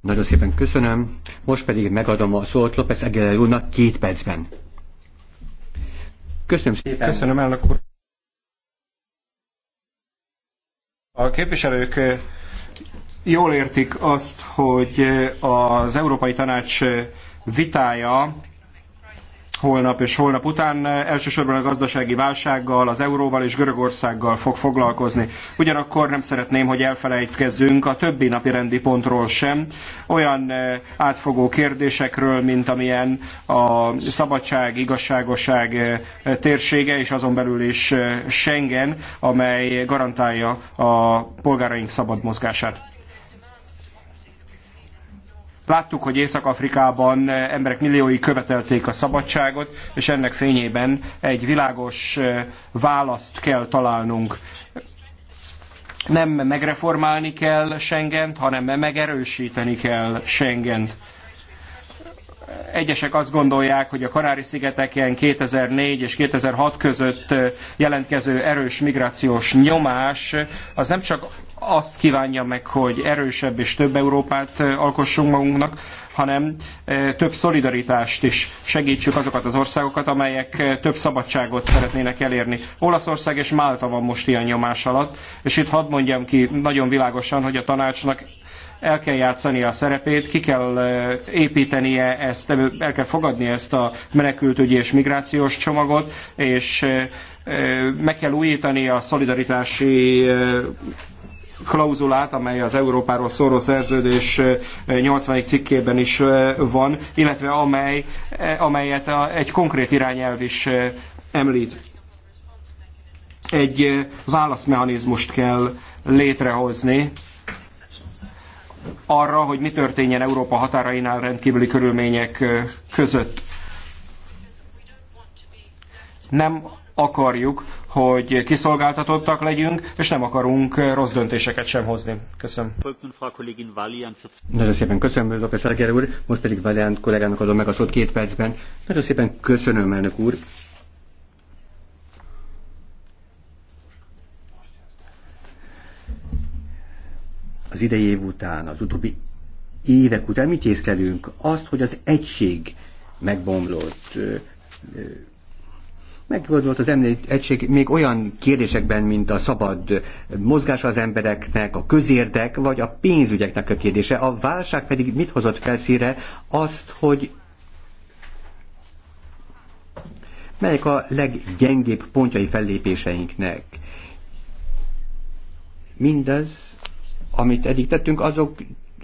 Nagyon szépen köszönöm. Most pedig megadom a szót López Aguilar úrnak két percben. Köszönöm szépen. Köszönöm, elnök úr. A képviselők eh, jól értik azt, hogy eh, az Európai Tanács eh, vitája holnap és holnap után elsősorban a gazdasági válsággal, az euróval és Görögországgal fog foglalkozni. Ugyanakkor nem szeretném, hogy elfelejtkezzünk a többi napi rendi pontról sem, olyan eh, átfogó kérdésekről, mint amilyen a szabadság, igazságosság eh, térsége, és azon belül is eh, Schengen, amely garantálja a polgáraink szabad mozgását. Láttuk, hogy Észak-Afrikában emberek milliói követelték a szabadságot, és ennek fényében egy világos választ kell találnunk nem megreformálni kell Schengent, hanem megerősíteni kell Schengent. Egyesek azt gondolják, hogy a Kanári-szigeteken 2004 és 2006 között jelentkező erős migrációs nyomás az nem csak azt kívánja meg, hogy erősebb és több Európát alkossunk magunknak, hanem több szolidaritást is segítsük azokat az országokat, amelyek több szabadságot szeretnének elérni. Olaszország és Málta van most ilyen nyomás alatt, és itt hadd mondjam ki nagyon világosan, hogy a tanácsnak el kell játszani a szerepét, ki kell építenie ezt, el kell fogadni ezt a menekültügyi és migrációs csomagot, és meg kell újítani a szolidaritási klauzulát, amely az Európáról szóló szerződés 80. cikkében is van, illetve amely, amelyet egy konkrét irányelv is említ. Egy válaszmechanizmust kell létrehozni arra, hogy mi történjen Európa határainál rendkívüli körülmények között. Nem akarjuk, hogy kiszolgáltatottak legyünk, és nem akarunk rossz döntéseket sem hozni. Köszönöm. Nagyon szépen köszönöm, Dr. Áger úr. Most pedig Valiant kollégának adom meg a szót két percben. Nagyon szépen köszönöm, elnök úr. Az idei év után, az utóbbi évek után mit észlelünk? Azt, hogy az egység megbomlott, Meggondolt az egység még olyan kérdésekben, mint a szabad mozgás az embereknek, a közérdek, vagy a pénzügyeknek a kérdése. A válság pedig mit hozott felszíre? Azt, hogy melyek a leggyengébb pontjai fellépéseinknek. Mindez, amit eddig tettünk, azok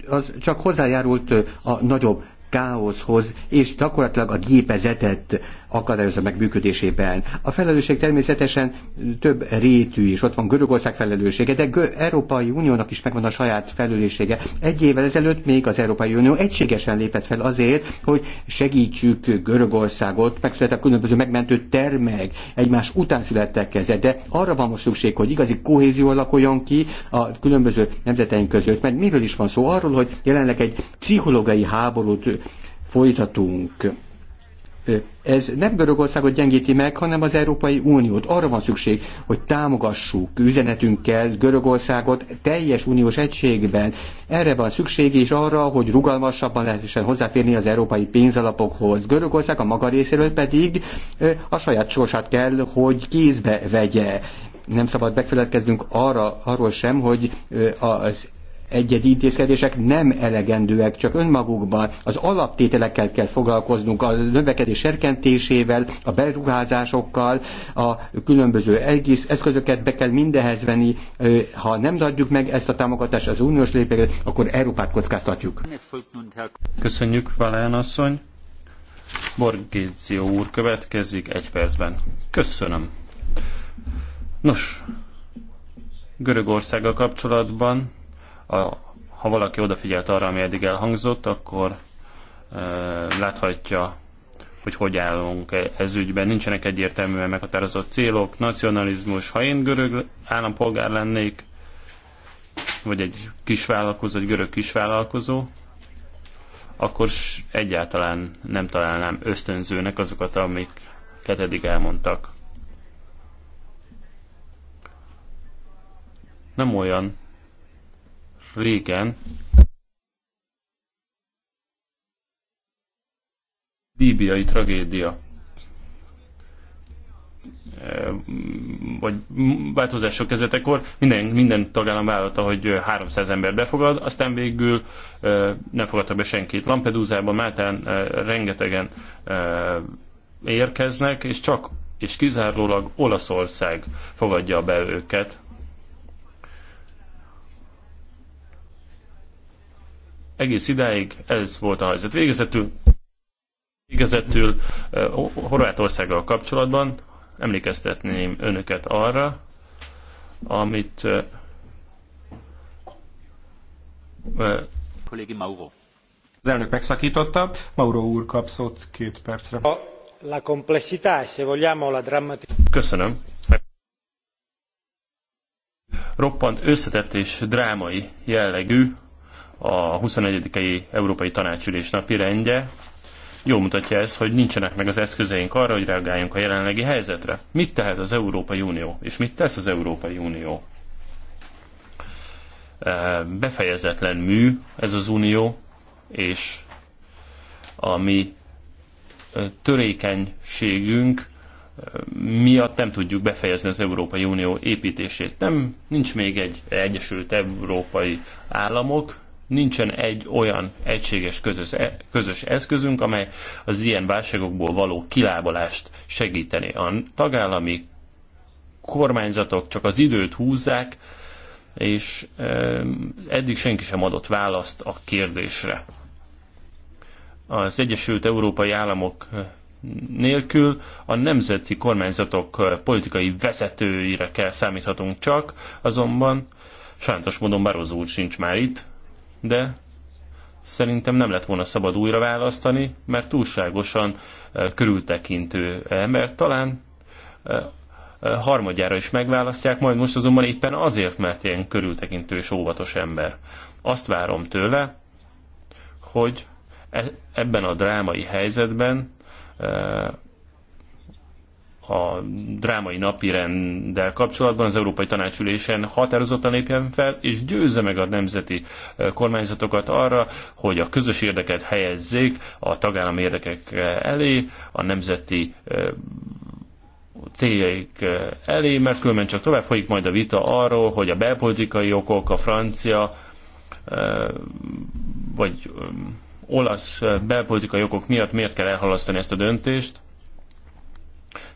az csak hozzájárult a nagyobb káoszhoz, és gyakorlatilag a gépezetet akadályozza meg működésében. A felelősség természetesen több rétű is. Ott van Görögország felelőssége, de Gö- Európai Uniónak is megvan a saját felelőssége. Egy évvel ezelőtt még az Európai Unió egységesen lépett fel azért, hogy segítsük Görögországot, megszülettek különböző megmentő termek, egymás után születtek ezek, de arra van most szükség, hogy igazi kohézió alakuljon ki a különböző nemzeteink között. Mert miről is van szó? Arról, hogy jelenleg egy pszichológiai háborút folytatunk ez nem Görögországot gyengíti meg, hanem az Európai Uniót. Arra van szükség, hogy támogassuk üzenetünkkel Görögországot teljes uniós egységben. Erre van szükség, is arra, hogy rugalmasabban lehessen hozzáférni az európai pénzalapokhoz. Görögország a maga részéről pedig a saját sorsát kell, hogy kézbe vegye nem szabad megfeledkeznünk arra, arról sem, hogy az egyedi intézkedések nem elegendőek, csak önmagukban az alaptételekkel kell foglalkoznunk, a növekedés serkentésével, a beruházásokkal, a különböző egész eszközöket be kell mindehez venni. Ha nem adjuk meg ezt a támogatást az uniós lépéket, akkor Európát kockáztatjuk. Köszönjük, Valán asszony. Borgézió úr következik egy percben. Köszönöm. Nos, Görögországgal kapcsolatban a, ha valaki odafigyelt arra, ami eddig elhangzott, akkor e, láthatja, hogy hogy állunk e, ez ügyben. Nincsenek egyértelműen meghatározott célok, nacionalizmus. Ha én görög állampolgár lennék, vagy egy kisvállalkozó, egy görög kisvállalkozó, akkor egyáltalán nem találnám ösztönzőnek azokat, amiket eddig elmondtak. Nem olyan régen líbiai tragédia vagy változások kezdetekor minden, minden tagállam vállalta, hogy 300 ember befogad, aztán végül nem fogadtak be senkit. Lampedusában, Máltán rengetegen érkeznek, és csak és kizárólag Olaszország fogadja be őket. egész idáig ez volt a helyzet. Végezetül, végezetül Horvátországgal kapcsolatban emlékeztetném önöket arra, amit kollégi Mauro. Az elnök megszakította, Mauro úr kap szót két percre. La complessità, se vogliamo la drammaticità. Köszönöm. Roppant összetett és drámai jellegű a 21. Európai Tanácsülés napi rendje, jó mutatja ez, hogy nincsenek meg az eszközeink arra, hogy reagáljunk a jelenlegi helyzetre. Mit tehet az Európai Unió, és mit tesz az Európai Unió? E, befejezetlen mű ez az unió, és a mi e, törékenységünk e, miatt nem tudjuk befejezni az Európai Unió építését. Nem, nincs még egy Egyesült Európai Államok, nincsen egy olyan egységes közös, e-, közös eszközünk, amely az ilyen válságokból való kilábalást segíteni. A tagállami kormányzatok csak az időt húzzák, és eddig senki sem adott választ a kérdésre. Az Egyesült Európai Államok eh, nélkül a nemzeti kormányzatok eh, politikai vezetőire kell számíthatunk csak, azonban sajnos módon Barroso úr sincs már itt, de szerintem nem lett volna szabad újra választani, mert túlságosan eh, körültekintő ember talán eh, eh, harmadjára is megválasztják, majd most azonban éppen azért, mert ilyen körültekintő és óvatos ember. Azt várom tőle, hogy e, ebben a drámai helyzetben a drámai napirenddel kapcsolatban az Európai Tanácsülésen határozottan lépjen fel, és győzze meg a nemzeti kormányzatokat arra, hogy a közös érdeket helyezzék a tagállami érdekek elé, a nemzeti céljaik elé, mert különben csak tovább folyik majd a vita arról, hogy a belpolitikai okok, a francia vagy olasz belpolitikai okok miatt miért kell elhalasztani ezt a döntést,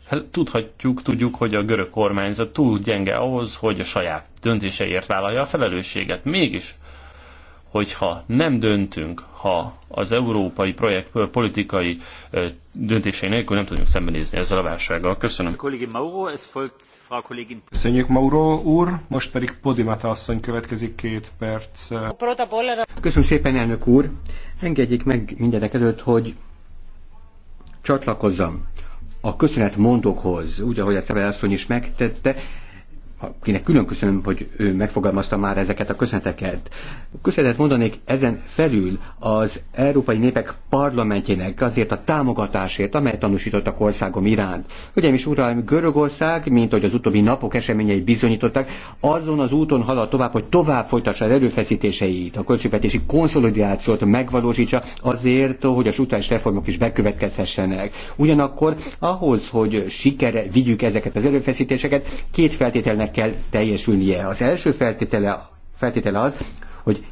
Hát tudhatjuk, tudjuk, hogy a görög kormányzat túl gyenge ahhoz, hogy a saját döntéseért vállalja a felelősséget. Mégis, hogyha nem döntünk, ha az európai projekt politikai döntései nélkül nem tudjuk szembenézni ezzel a válsággal. Köszönöm. Köszönjük Mauro úr, most pedig Podimata asszony következik két perc. Köszönöm szépen, elnök úr. Engedjék meg mindenek előtt, hogy csatlakozzam a köszönet mondokhoz, úgy, ahogy a Szeve asszony is megtette, akinek külön köszönöm, hogy ő megfogalmazta már ezeket a köszöneteket. Köszönetet mondanék ezen felül az Európai Népek Parlamentjének azért a támogatásért, amelyet tanúsítottak országom iránt. Hölgyeim és uraim, Görögország, mint hogy az utóbbi napok eseményei bizonyították, azon az úton halad tovább, hogy tovább folytassa az erőfeszítéseit, a költségvetési konszolidációt megvalósítsa azért, hogy a sutás reformok is bekövetkezhessenek. Ugyanakkor ahhoz, hogy sikere vigyük ezeket az erőfeszítéseket, két feltételnek kell teljesülnie. Az első feltétele, feltétele az, hogy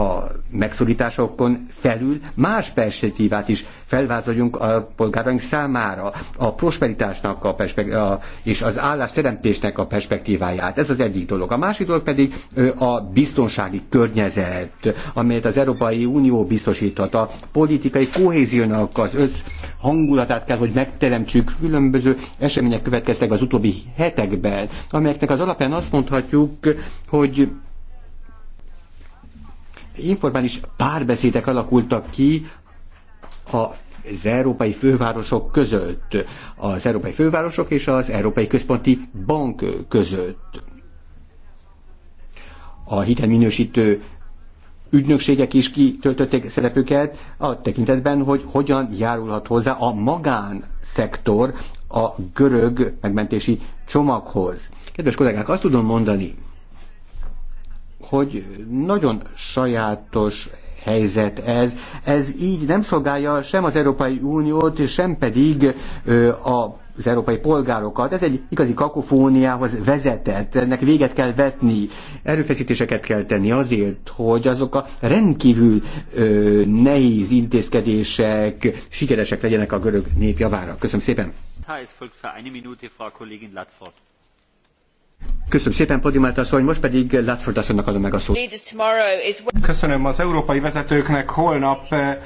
a megszorításokon felül más perspektívát is felvázoljunk a polgáraink számára, a prosperitásnak a a, és az állásteremtésnek a perspektíváját. Ez az egyik dolog. A másik dolog pedig a biztonsági környezet, amelyet az Európai Unió biztosított. A politikai kohéziónak az össz hangulatát kell, hogy megteremtsük. Különböző események következtek az utóbbi hetekben, amelyeknek az alapján azt mondhatjuk, hogy informális párbeszédek alakultak ki a az európai fővárosok között, az európai fővárosok és az Európai Központi Bank között. A hitelminősítő ügynökségek is kitöltötték szerepüket a tekintetben, hogy hogyan járulhat hozzá a magánszektor a görög megmentési csomaghoz. Kedves kollégák, azt tudom mondani, hogy nagyon sajátos helyzet ez. Ez így nem szolgálja sem az Európai Uniót, sem pedig ö, a az európai polgárokat. Ez egy igazi kakofóniához vezetett, ennek véget kell vetni, erőfeszítéseket kell tenni azért, hogy azok a rendkívül ö, nehéz intézkedések sikeresek legyenek a görög nép javára. Köszönöm szépen! Köszönöm szépen, Podimát asszony, most pedig Látford asszonynak adom meg a szót. Köszönöm az európai vezetőknek holnap eh,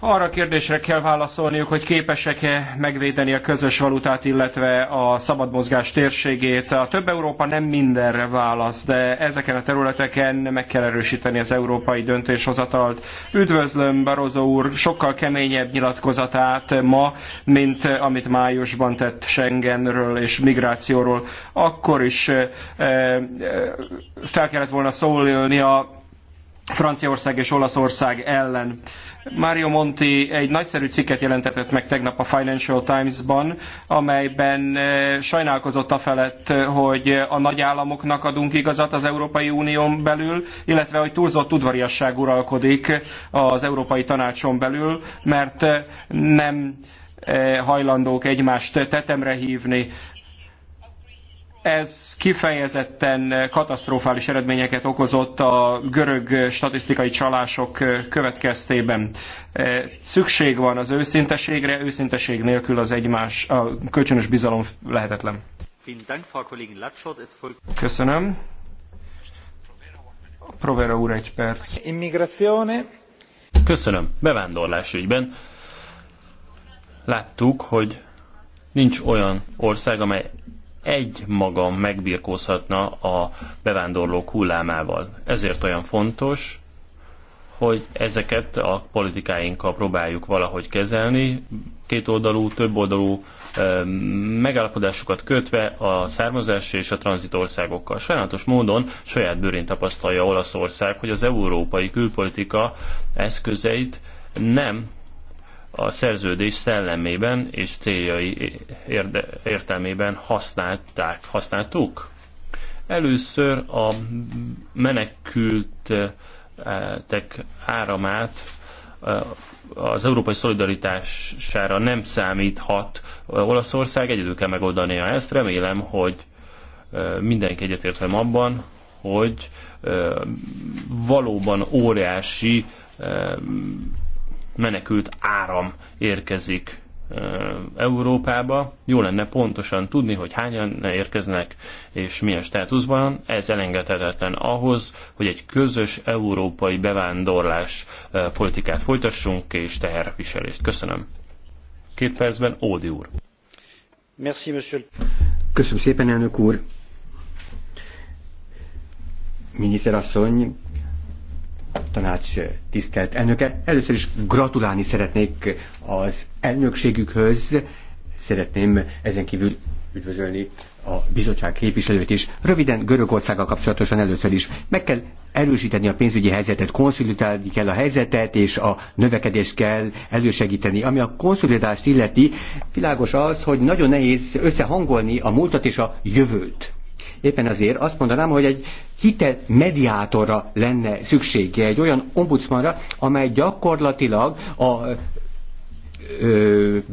arra a kérdésre kell válaszolniuk, hogy képesek-e megvédeni a közös valutát, illetve a szabadmozgás térségét. A több Európa nem mindenre válasz, de ezeken a területeken meg kell erősíteni az európai döntéshozatalt. Üdvözlöm Barozó úr sokkal keményebb nyilatkozatát ma, mint amit májusban tett Schengenről és migrációról. Akkor is eh, eh, fel kellett volna szólni a Franciaország és Olaszország ellen. Mario Monti egy nagyszerű cikket jelentetett meg tegnap a Financial Times-ban, amelyben eh, sajnálkozott afelett, eh, hogy a nagyállamoknak adunk igazat az Európai Unión belül, illetve hogy túlzott udvariasság uralkodik az Európai Tanácson belül, mert eh, nem hajlandók egymást tetemre hívni. Ez kifejezetten katasztrofális eredményeket okozott a görög statisztikai csalások következtében. E, szükség van az őszinteségre, őszinteség nélkül az egymás, a kölcsönös bizalom lehetetlen. Köszönöm. Provera úr egy perc. Immigrazione. Köszönöm. Bevándorlás ügyben láttuk, hogy nincs olyan ország, amely egy magam megbirkózhatna a bevándorlók hullámával. Ezért olyan fontos, hogy ezeket a politikáinkkal próbáljuk valahogy kezelni, kétoldalú, többoldalú megállapodásokat kötve a származási és a országokkal. Sajnálatos módon saját bőrén tapasztalja Olaszország, hogy az európai külpolitika eszközeit nem a szerződés szellemében és céljai érde, értelmében használták, használtuk. Először a menekültek áramát az európai szolidaritására nem számíthat Olaszország, egyedül kell megoldania ezt. Remélem, hogy mindenki egyetért abban, hogy valóban óriási menekült áram érkezik Európába. Jó lenne pontosan tudni, hogy hányan érkeznek és milyen státuszban. Ez elengedhetetlen ahhoz, hogy egy közös európai bevándorlás politikát folytassunk és teherviselést. Köszönöm. Két percben Ódi úr. Merci, monsieur. Köszönöm szépen, elnök úr. Miniszterasszony, tanács tisztelt elnöke. Először is gratulálni szeretnék az elnökségükhöz, szeretném ezen kívül üdvözölni a bizottság képviselőt is. Röviden Görögországgal kapcsolatosan először is meg kell erősíteni a pénzügyi helyzetet, konszolidálni kell a helyzetet, és a növekedést kell elősegíteni. Ami a konszolidást illeti, világos az, hogy nagyon nehéz összehangolni a múltat és a jövőt. Éppen azért azt mondanám, hogy egy hitel mediátorra lenne szüksége, egy olyan ombudsmanra, amely gyakorlatilag a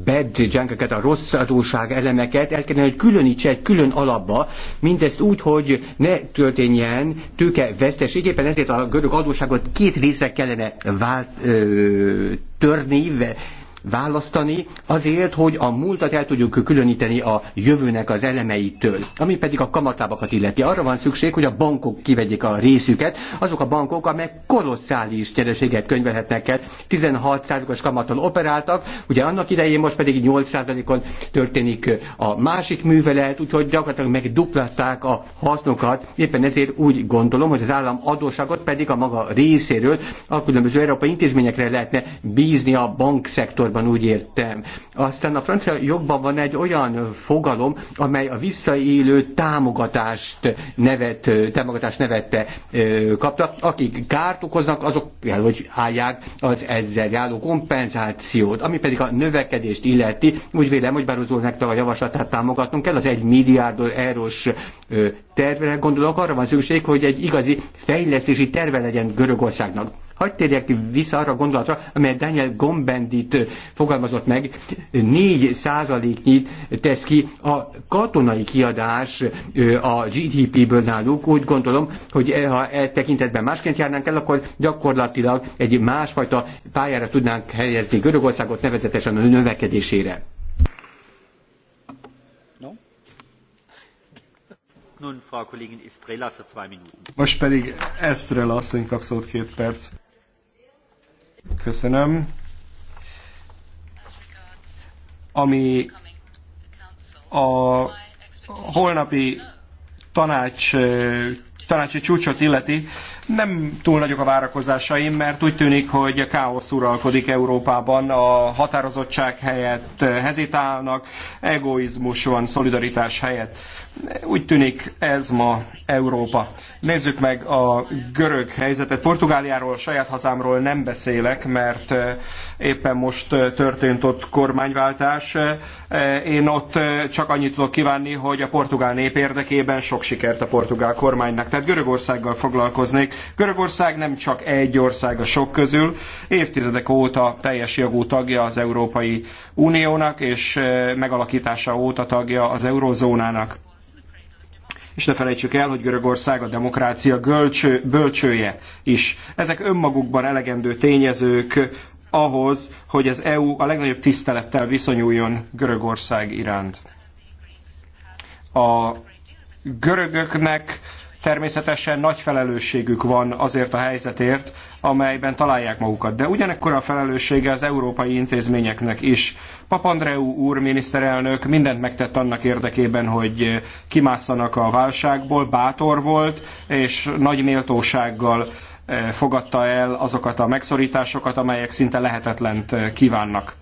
bad junkeket, a rossz adóság elemeket el kellene, hogy különítse egy külön alapba, mindezt úgy, hogy ne történjen tőke veszteség. Éppen ezért a görög adóságot két részre kellene vált, ö, törni, választani azért, hogy a múltat el tudjuk különíteni a jövőnek az elemeitől. Ami pedig a kamatlábakat illeti. Arra van szükség, hogy a bankok kivegyék a részüket, azok a bankok, amelyek kolosszális nyereséget könyvelhetnek el. 16%-os kamaton operáltak, ugye annak idején most pedig 8%-on történik a másik művelet, úgyhogy gyakorlatilag megduplázták a hasznokat. Éppen ezért úgy gondolom, hogy az állam adósságot pedig a maga részéről a különböző európai intézményekre lehetne bízni a bankszektor elsősorban úgy értem. Aztán a francia jogban van egy olyan fogalom, amely a visszaélő támogatást nevet, támogatást nevette kapta. Akik kárt okoznak, azok kell, hogy állják az ezzel járó kompenzációt. Ami pedig a növekedést illeti, úgy vélem, hogy Barozó úrnak a javaslatát támogatnunk kell, az egy milliárd eurós tervre gondolok, arra van szükség, hogy egy igazi fejlesztési terve legyen Görögországnak. Hagy térjek vissza arra a gondolatra, amelyet Daniel Gombendit fogalmazott meg, 4 százaléknyit tesz ki a katonai kiadás a GDP-ből náluk. Úgy gondolom, hogy e, ha e tekintetben másként járnánk el, akkor gyakorlatilag egy másfajta pályára tudnánk helyezni Görögországot, nevezetesen a növekedésére. Most pedig Estrella asszony kap szót két perc. Köszönöm. Ami a holnapi tanács, tanácsi csúcsot illeti, nem túl nagyok a várakozásaim, mert úgy tűnik, hogy a káosz uralkodik Európában, a határozottság helyett hezitálnak, egoizmus van szolidaritás helyett. Úgy tűnik ez ma Európa. Nézzük meg a görög helyzetet. Portugáliáról, saját hazámról nem beszélek, mert eh, éppen most eh, történt ott kormányváltás. Eh, én ott csak annyit tudok kívánni, hogy a portugál nép érdekében sok sikert a portugál kormánynak. Tehát Görögországgal foglalkoznék Görögország nem csak egy ország a sok közül, évtizedek óta teljes jogú tagja az Európai Uniónak, és megalakítása óta tagja az eurózónának. És ne felejtsük el, hogy Görögország a demokrácia gölcső, bölcsője is. Ezek önmagukban elegendő tényezők ahhoz, hogy az EU a legnagyobb tisztelettel viszonyuljon Görögország iránt. A görögöknek természetesen nagy felelősségük van azért a helyzetért, amelyben találják magukat. De ugyanekkor a felelőssége az európai intézményeknek is. Papandreou úr miniszterelnök mindent megtett annak érdekében, hogy kimásszanak a válságból, bátor volt, és nagy méltósággal eh, fogadta el azokat a megszorításokat, amelyek szinte lehetetlent eh, kívánnak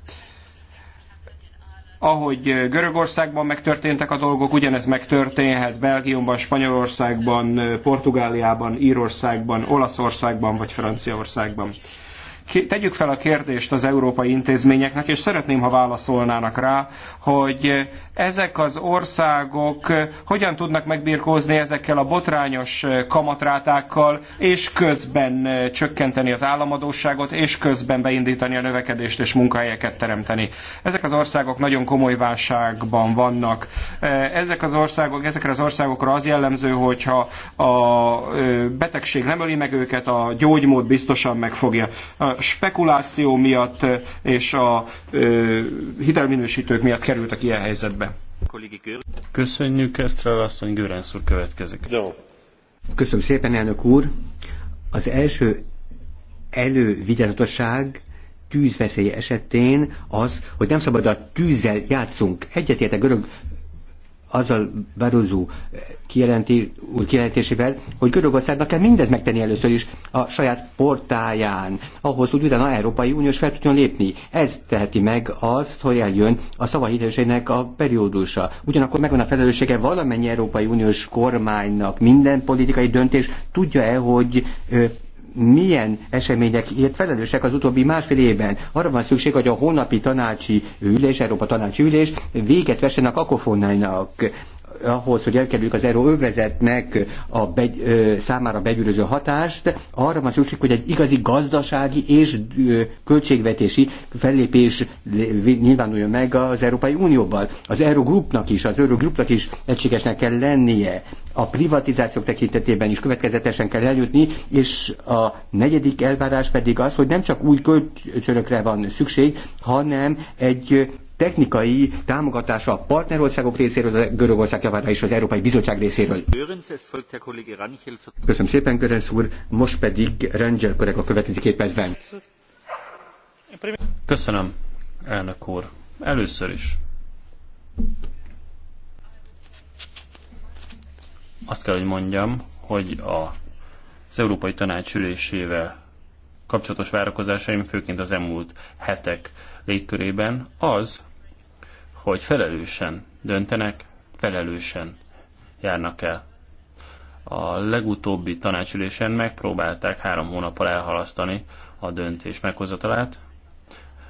ahogy eh, Görögországban megtörténtek a dolgok, ugyanez megtörténhet Belgiumban, Spanyolországban, eh, Portugáliában, Írországban, Olaszországban vagy Franciaországban tegyük fel a kérdést az európai intézményeknek, és szeretném, ha válaszolnának rá, hogy ezek az országok hogyan tudnak megbirkózni ezekkel a botrányos kamatrátákkal, és közben csökkenteni az államadósságot, és közben beindítani a növekedést és munkahelyeket teremteni. Ezek az országok nagyon komoly válságban vannak. Ezek az országok, ezekre az országokra az jellemző, hogyha a betegség nem öli meg őket, a gyógymód biztosan megfogja spekuláció miatt és a hitelminősítők miatt kerültek ilyen helyzetbe. Köszönjük, ezt, asszony, Görensz úr következik. Köszönöm szépen, elnök úr. Az első elővigyázatosság tűzveszély esetén az, hogy nem szabad a tűzzel játszunk. Egyetértek görög azzal Barozó kijelenti, kijelentésével, hogy Görögországnak kell mindent megtenni először is a saját portáján, ahhoz, hogy utána Európai Uniós fel tudjon lépni. Ez teheti meg azt, hogy eljön a szavahitelőségnek a periódusa. Ugyanakkor megvan a felelőssége valamennyi Európai Uniós kormánynak. Minden politikai döntés tudja-e, hogy milyen események, ért felelősek az utóbbi másfél évben. Arra van szükség, hogy a hónapi tanácsi ülés, Európa tanácsi ülés véget a akofonnának ahhoz, hogy elkerüljük az euróövezetnek a begy, ö, számára begyűröző hatást, arra van szükség, hogy egy igazi gazdasági és ö, költségvetési fellépés nyilvánuljon meg az Európai Unióban. Az Eurogroupnak is, az Eurogroupnak is egységesnek kell lennie. A privatizációk tekintetében is következetesen kell eljutni, és a negyedik elvárás pedig az, hogy nem csak új költségekre van szükség, hanem egy technikai támogatása a partnerországok részéről, a Görögország javára és az Európai Bizottság részéről. Köszönöm szépen, Görenc úr, most pedig Rangel a következő két percben. Köszönöm, elnök úr. Először is. Azt kell, hogy mondjam, hogy a, az Európai Tanács ülésével kapcsolatos várakozásaim, főként az elmúlt hetek légkörében az, hogy felelősen döntenek, felelősen járnak el. A legutóbbi tanácsülésen megpróbálták három hónappal elhalasztani a döntés meghozatalát.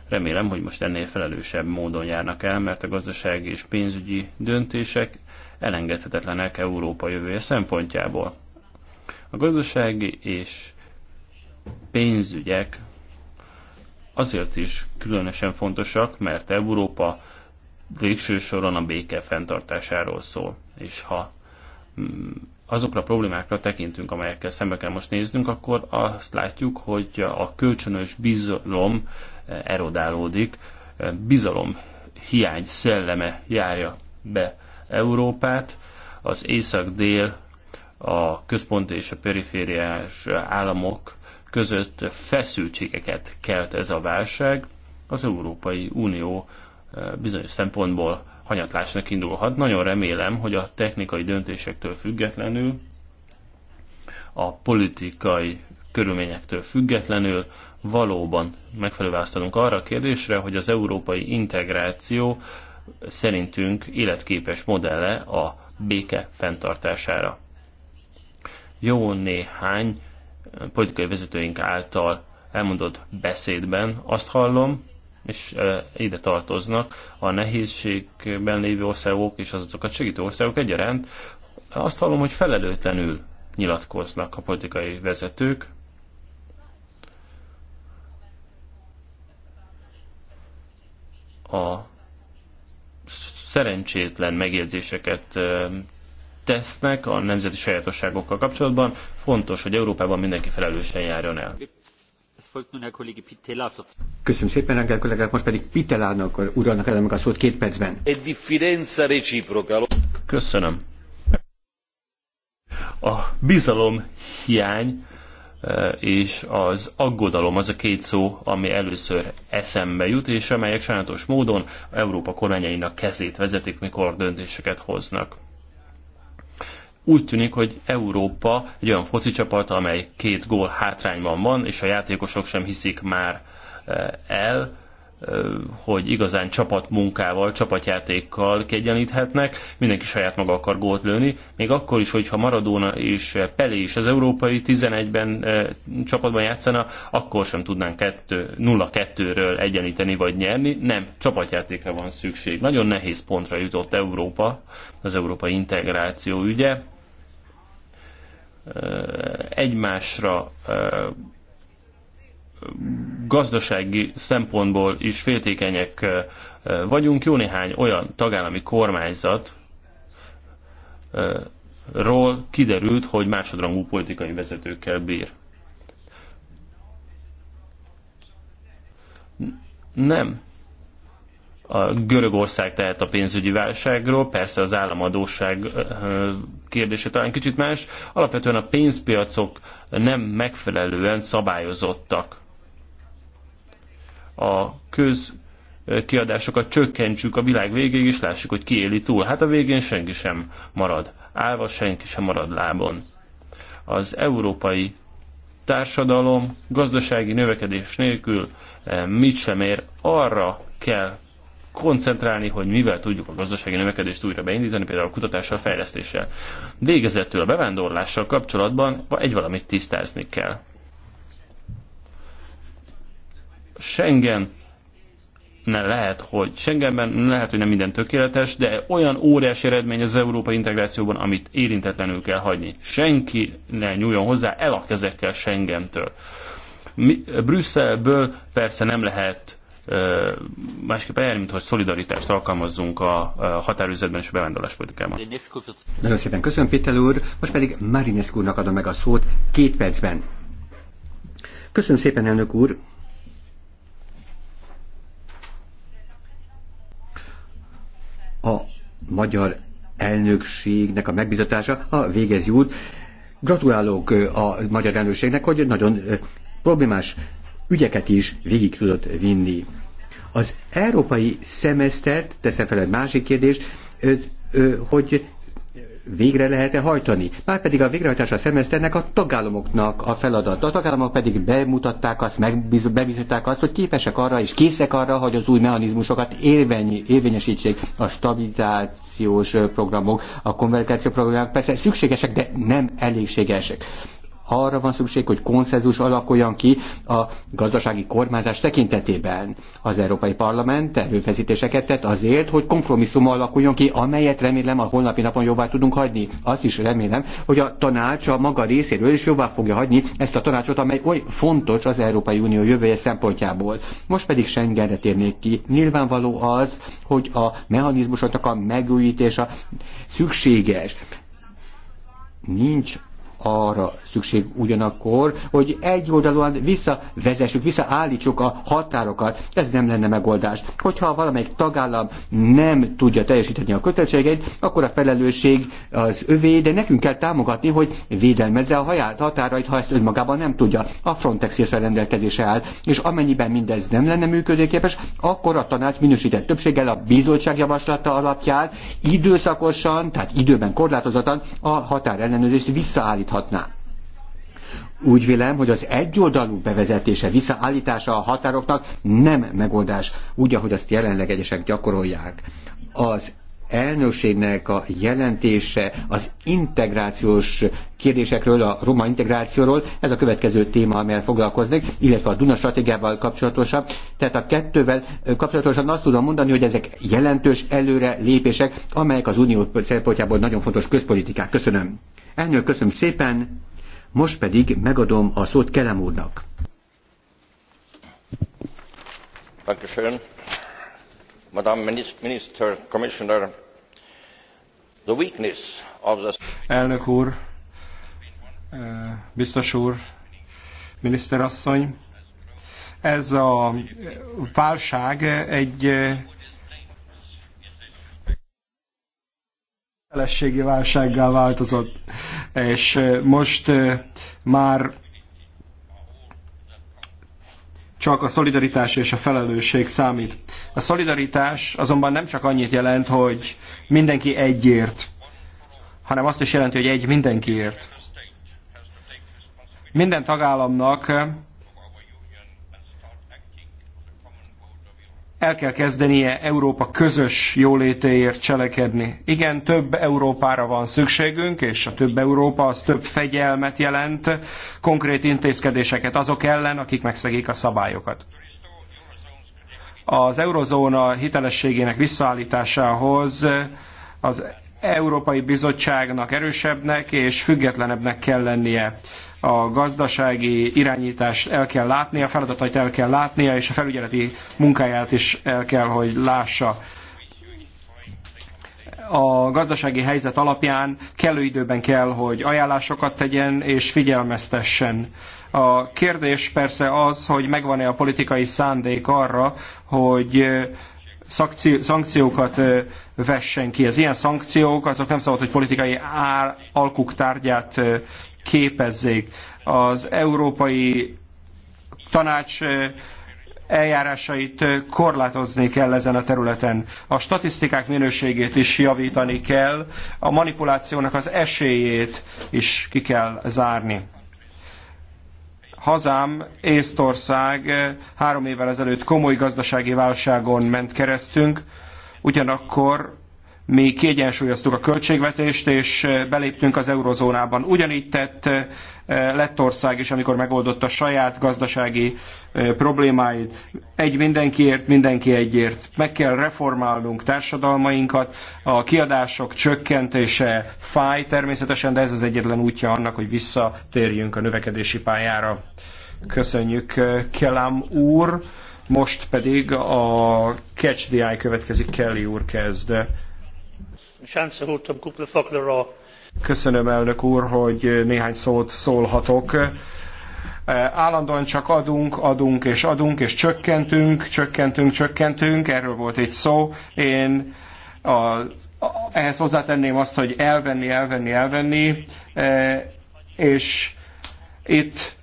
Remélem, hogy most ennél felelősebb módon járnak el, mert a gazdasági és pénzügyi döntések elengedhetetlenek Európa jövője szempontjából. A gazdasági és pénzügyek azért is különösen fontosak, mert Európa végső soron a béke fenntartásáról szól. És ha mm, azokra a problémákra tekintünk, amelyekkel szembe kell most néznünk, akkor azt látjuk, hogy a kölcsönös bizalom eh, erodálódik, eh, bizalom hiány szelleme járja be Európát, az észak-dél, a központ és a perifériás államok között feszültségeket kelt ez a válság, az Európai Unió bizonyos szempontból hanyatlásnak indulhat. Nagyon remélem, hogy a technikai döntésektől függetlenül, a politikai körülményektől függetlenül valóban megfelelő választanunk arra a kérdésre, hogy az európai integráció szerintünk életképes modelle a béke fenntartására. Jó néhány politikai vezetőink által elmondott beszédben azt hallom, és ide tartoznak a nehézségben lévő országok és azokat segítő országok egyaránt, azt hallom, hogy felelőtlenül nyilatkoznak a politikai vezetők, a szerencsétlen megjegyzéseket tesznek a nemzeti sajátosságokkal kapcsolatban. Fontos, hogy Európában mindenki felelősen járjon el. Köszönöm szépen, most pedig a bizalomhiány Köszönöm. A bizalom hiány eh, és az aggodalom az a két szó, ami először eszembe jut, és amelyek sajnálatos módon Európa kormányainak kezét vezetik, mikor döntéseket hoznak úgy tűnik, hogy Európa egy olyan foci csapat, amely két gól hátrányban van, és a játékosok sem hiszik már eh, el, hogy igazán csapatmunkával, csapatjátékkal kegyeníthetnek, mindenki saját maga akar gólt lőni, még akkor is, hogyha Maradona és Pelé is az európai 11-ben csapatban játszana, akkor sem tudnánk 0-2-ről egyeníteni vagy nyerni, nem, csapatjátékra van szükség. Nagyon nehéz pontra jutott Európa, az európai integráció ügye, egymásra gazdasági szempontból is féltékenyek vagyunk. Jó néhány olyan tagállami kormányzat ról kiderült, hogy másodrangú politikai vezetőkkel bír. Nem. A Görögország tehet a pénzügyi válságról, persze az államadóság kérdése talán kicsit más. Alapvetően a pénzpiacok nem megfelelően szabályozottak a köz kiadásokat csökkentsük a világ végéig, és lássuk, hogy ki éli túl. Hát a végén senki sem marad állva, senki sem marad lábon. Az európai társadalom gazdasági növekedés nélkül eh, mit sem ér, arra kell koncentrálni, hogy mivel tudjuk a gazdasági növekedést újra beindítani, például a kutatással, fejlesztéssel. Végezetül a bevándorlással kapcsolatban egy valamit tisztázni kell. Schengen ne lehet, hogy Schengenben lehet, hogy nem minden tökéletes, de olyan óriási eredmény az európai integrációban, amit érintetlenül kell hagyni. Senki ne nyúljon hozzá el a kezekkel Schengentől. Mi, Brüsszelből persze nem lehet másképp eljárni, mint hogy szolidaritást alkalmazzunk a, a határőzetben és a politikában. Nagyon szépen köszönöm, Péter úr. Most pedig Marinescu úrnak adom meg a szót két percben. Köszönöm szépen, elnök úr. a magyar elnökségnek a megbizatása a végez jut. Gratulálok a magyar elnökségnek, hogy nagyon problémás ügyeket is végig tudott vinni. Az európai szemesztert, teszem fel egy másik kérdést, hogy végre lehet-e hajtani. Márpedig a végrehajtás a szemeszternek a tagállamoknak a feladata. A tagállamok pedig bemutatták azt, bebizonyították azt, hogy képesek arra és készek arra, hogy az új mechanizmusokat érvenyi, érvényesítsék a stabilizációs programok, a konvergáció programok. Persze szükségesek, de nem elégségesek. Ha arra van szükség, hogy konszenzus alakuljon ki a gazdasági kormányzás tekintetében. Az Európai Parlament erőfeszítéseket tett azért, hogy kompromisszum alakuljon ki, amelyet remélem a holnapi napon jóvá tudunk hagyni. Azt is remélem, hogy a tanács a maga részéről is jóvá fogja hagyni ezt a tanácsot, amely oly fontos az Európai Unió jövője szempontjából. Most pedig Schengenre térnék ki. Nyilvánvaló az, hogy a mechanizmusoknak a megújítása szükséges. Nincs arra szükség ugyanakkor, hogy egy oldalon visszavezessük, visszaállítsuk a határokat. Ez nem lenne megoldás. Hogyha valamelyik tagállam nem tudja teljesíteni a kötelességeit, akkor a felelősség az övé, de nekünk kell támogatni, hogy védelmezze a haját, határait, ha ezt önmagában nem tudja. A Frontex és a rendelkezése áll, és amennyiben mindez nem lenne működőképes, akkor a tanács minősített többséggel a bizottság javaslata alapján időszakosan, tehát időben korlátozatlan a határellenőrzést visszaállít javíthatná. Úgy vélem, hogy az egyoldalú bevezetése, visszaállítása a határoknak nem megoldás, úgy, ahogy azt jelenleg egyesek gyakorolják. Az elnökségnek a jelentése az integrációs kérdésekről, a roma integrációról. Ez a következő téma, amelyel foglalkoznék, illetve a Duna stratégiával kapcsolatosan. Tehát a kettővel kapcsolatosan azt tudom mondani, hogy ezek jelentős előre lépések, amelyek az unió szempontjából nagyon fontos közpolitikák. Köszönöm. Elnök, köszönöm szépen. Most pedig megadom a szót Kelem úrnak. Köszönöm. Madame Minister, Commissioner, Elnök úr, eh, biztos úr, miniszterasszony, ez a válság egy eh, felességi válsággá változott, és eh, most már csak a szolidaritás és a felelősség számít. A szolidaritás azonban nem csak annyit jelent, hogy mindenki egyért, hanem azt is jelenti, hogy egy mindenkiért. Minden tagállamnak el kell kezdenie Európa közös jólétéért cselekedni. Igen, több Európára van szükségünk, és a több Európa az több fegyelmet jelent, konkrét intézkedéseket azok ellen, akik megszegik a szabályokat. Az eurozóna hitelességének visszaállításához az Európai Bizottságnak erősebbnek és függetlenebbnek kell lennie a gazdasági irányítást el kell látnia, a feladatait el kell látnia, és a felügyeleti munkáját is el kell, hogy lássa a gazdasági helyzet alapján kellő időben kell, hogy ajánlásokat tegyen és figyelmeztessen. A kérdés persze az, hogy megvan-e a politikai szándék arra, hogy szankciókat vessen ki. Az ilyen szankciók azok nem szabad, hogy politikai alkuk tárgyát képezzék. Az Európai Tanács eljárásait korlátozni kell ezen a területen. A statisztikák minőségét is javítani kell, a manipulációnak az esélyét is ki kell zárni hazám, Észtország három évvel ezelőtt komoly gazdasági válságon ment keresztünk, ugyanakkor mi kiegyensúlyoztuk a költségvetést, és eh, beléptünk az eurozónában. Ugyanígy tett eh, Lettország is, amikor megoldotta saját gazdasági eh, problémáit. Egy mindenkiért, mindenki egyért. Meg kell reformálnunk társadalmainkat, a kiadások csökkentése fáj természetesen, de ez az egyetlen útja annak, hogy visszatérjünk a növekedési pályára. Köszönjük, Kelám úr! Most pedig a Catch the Eye következik, Kelly úr kezd. Köszönöm, elnök úr, hogy néhány szót szólhatok. E, állandóan csak adunk, adunk és adunk, és csökkentünk, csökkentünk, csökkentünk, erről volt egy szó. Én a, a, ehhez hozzátenném azt, hogy elvenni, elvenni, elvenni, e, és itt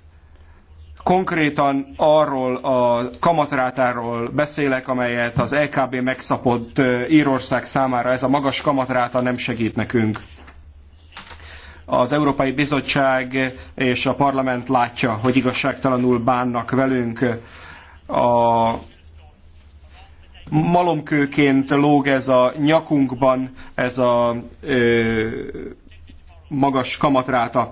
Konkrétan arról a kamatrátáról beszélek, amelyet az LKB e megszapott Írország számára. Ez a magas kamatráta nem segít nekünk. Az Európai Bizottság és a parlament látja, hogy igazságtalanul bánnak velünk. A malomkőként lóg ez a nyakunkban, ez a ö, magas kamatráta.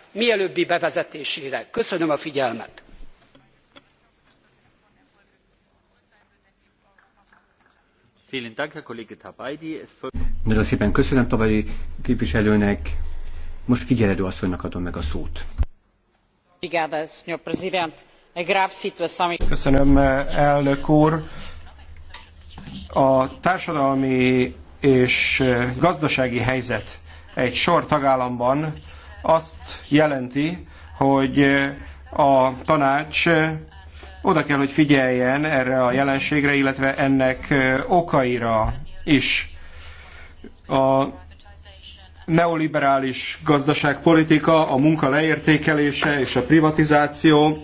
mielőbbi bevezetésére. köszönöm a figyelmet. Nagyon szépen köszönöm tavalyi képviselőnek. Most Figyeredő asszonynak adom meg a szót. Köszönöm, elnök úr. A társadalmi és gazdasági helyzet egy sor tagállamban azt jelenti, hogy a tanács oda kell, hogy figyeljen erre a jelenségre, illetve ennek okaira is. A neoliberális gazdaságpolitika, a munka leértékelése és a privatizáció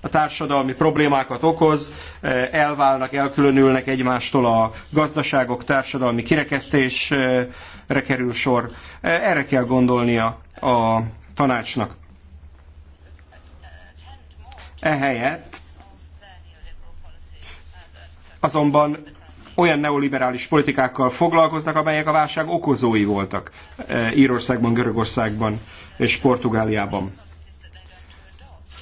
a társadalmi problémákat okoz, eh, elválnak, elkülönülnek egymástól a gazdaságok, társadalmi kirekesztésre kerül sor. Eh, erre kell gondolnia a tanácsnak. Ehelyett azonban olyan neoliberális politikákkal foglalkoznak, amelyek a válság okozói voltak eh, Írországban, Görögországban és Portugáliában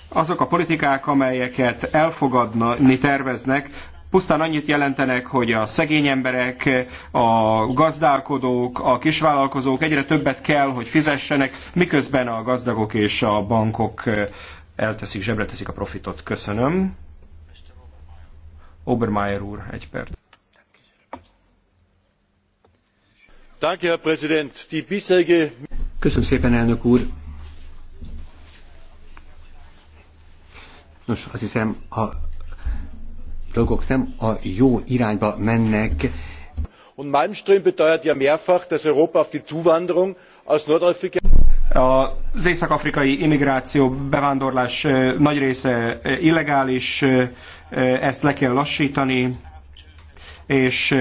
azok a politikák, amelyeket elfogadni terveznek, pusztán annyit jelentenek, hogy a szegény emberek, a gazdálkodók, a kisvállalkozók egyre többet kell, hogy fizessenek, miközben a gazdagok és a bankok elteszik, zsebre teszik a profitot. Köszönöm. Obermeier úr, egy perc. Köszönöm szépen, elnök úr Nos, azt hiszem a dolgok nem a jó irányba mennek. Und Malmström beteuert ja mehrfach, dass Europa auf die Zuwanderung aus Nordafrika az észak-afrikai immigráció, bevándorlás nagy része illegális, ezt le kell lassítani, és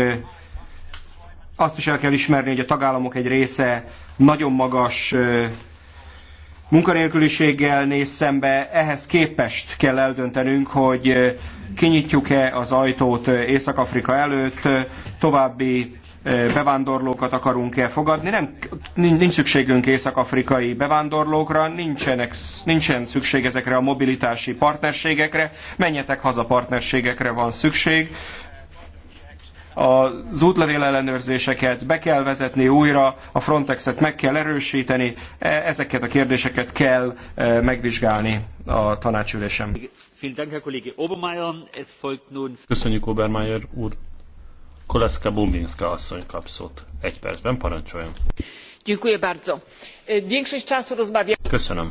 azt is el kell ismerni, hogy a tagállamok egy része nagyon magas munkanélküliséggel néz szembe, ehhez képest kell eldöntenünk, hogy kinyitjuk-e az ajtót Észak-Afrika előtt, további bevándorlókat akarunk-e fogadni. Nem, nincs szükségünk észak-afrikai bevándorlókra, nincsenek, nincsen szükség ezekre a mobilitási partnerségekre, menjetek haza partnerségekre van szükség az útlevél ellenőrzéseket be kell vezetni újra, a Frontexet meg kell erősíteni, e, ezeket a kérdéseket kell e, megvizsgálni a tanácsülésem. Köszönjük Obermeier úr. Koleska Bumbinska asszony kap szót. Egy percben parancsoljon. Dziękuję bardzo. E, większość czasu rozmawiamy. Köszönöm.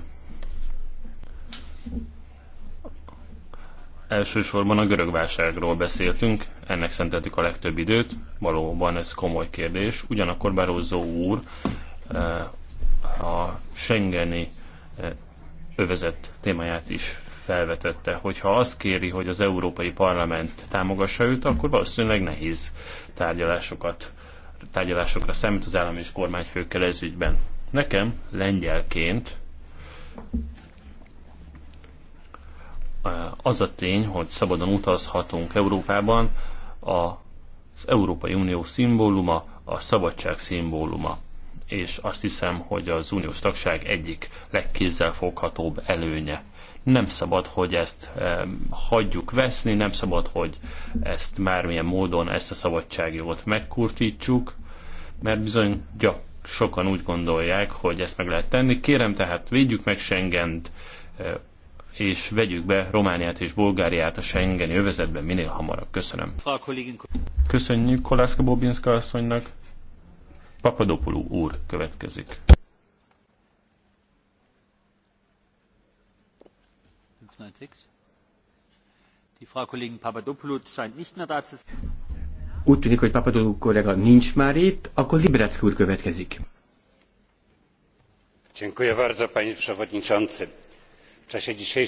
Elsősorban a görög válságról beszéltünk, ennek szenteltük a legtöbb időt, valóban ez komoly kérdés. Ugyanakkor Barózó úr eh, a Schengeni eh, övezet témáját is felvetette, hogyha azt kéri, hogy az Európai Parlament támogassa őt, akkor valószínűleg nehéz tárgyalásokat, tárgyalásokra számít az állam és kormányfőkkel ez ügyben. Nekem lengyelként az a tény, hogy szabadon utazhatunk Európában, az Európai Unió szimbóluma, a szabadság szimbóluma. És azt hiszem, hogy az uniós tagság egyik legkézzelfoghatóbb előnye. Nem szabad, hogy ezt hagyjuk veszni, nem szabad, hogy ezt mármilyen módon, ezt a szabadságjogot megkurtítsuk, mert bizony gyak, sokan úgy gondolják, hogy ezt meg lehet tenni. Kérem tehát, védjük meg Schengent, és vegyük be Romániát és Bulgáriát a Schengeni övezetben minél hamarabb. Köszönöm. Köszönjük Kolászka Bobinska asszonynak. Papadopoulou úr következik. Úgy tűnik, hogy Papadopoulou kollega nincs már itt, akkor Liberecki úr következik. Dziękuję bardzo, panie przewodniczący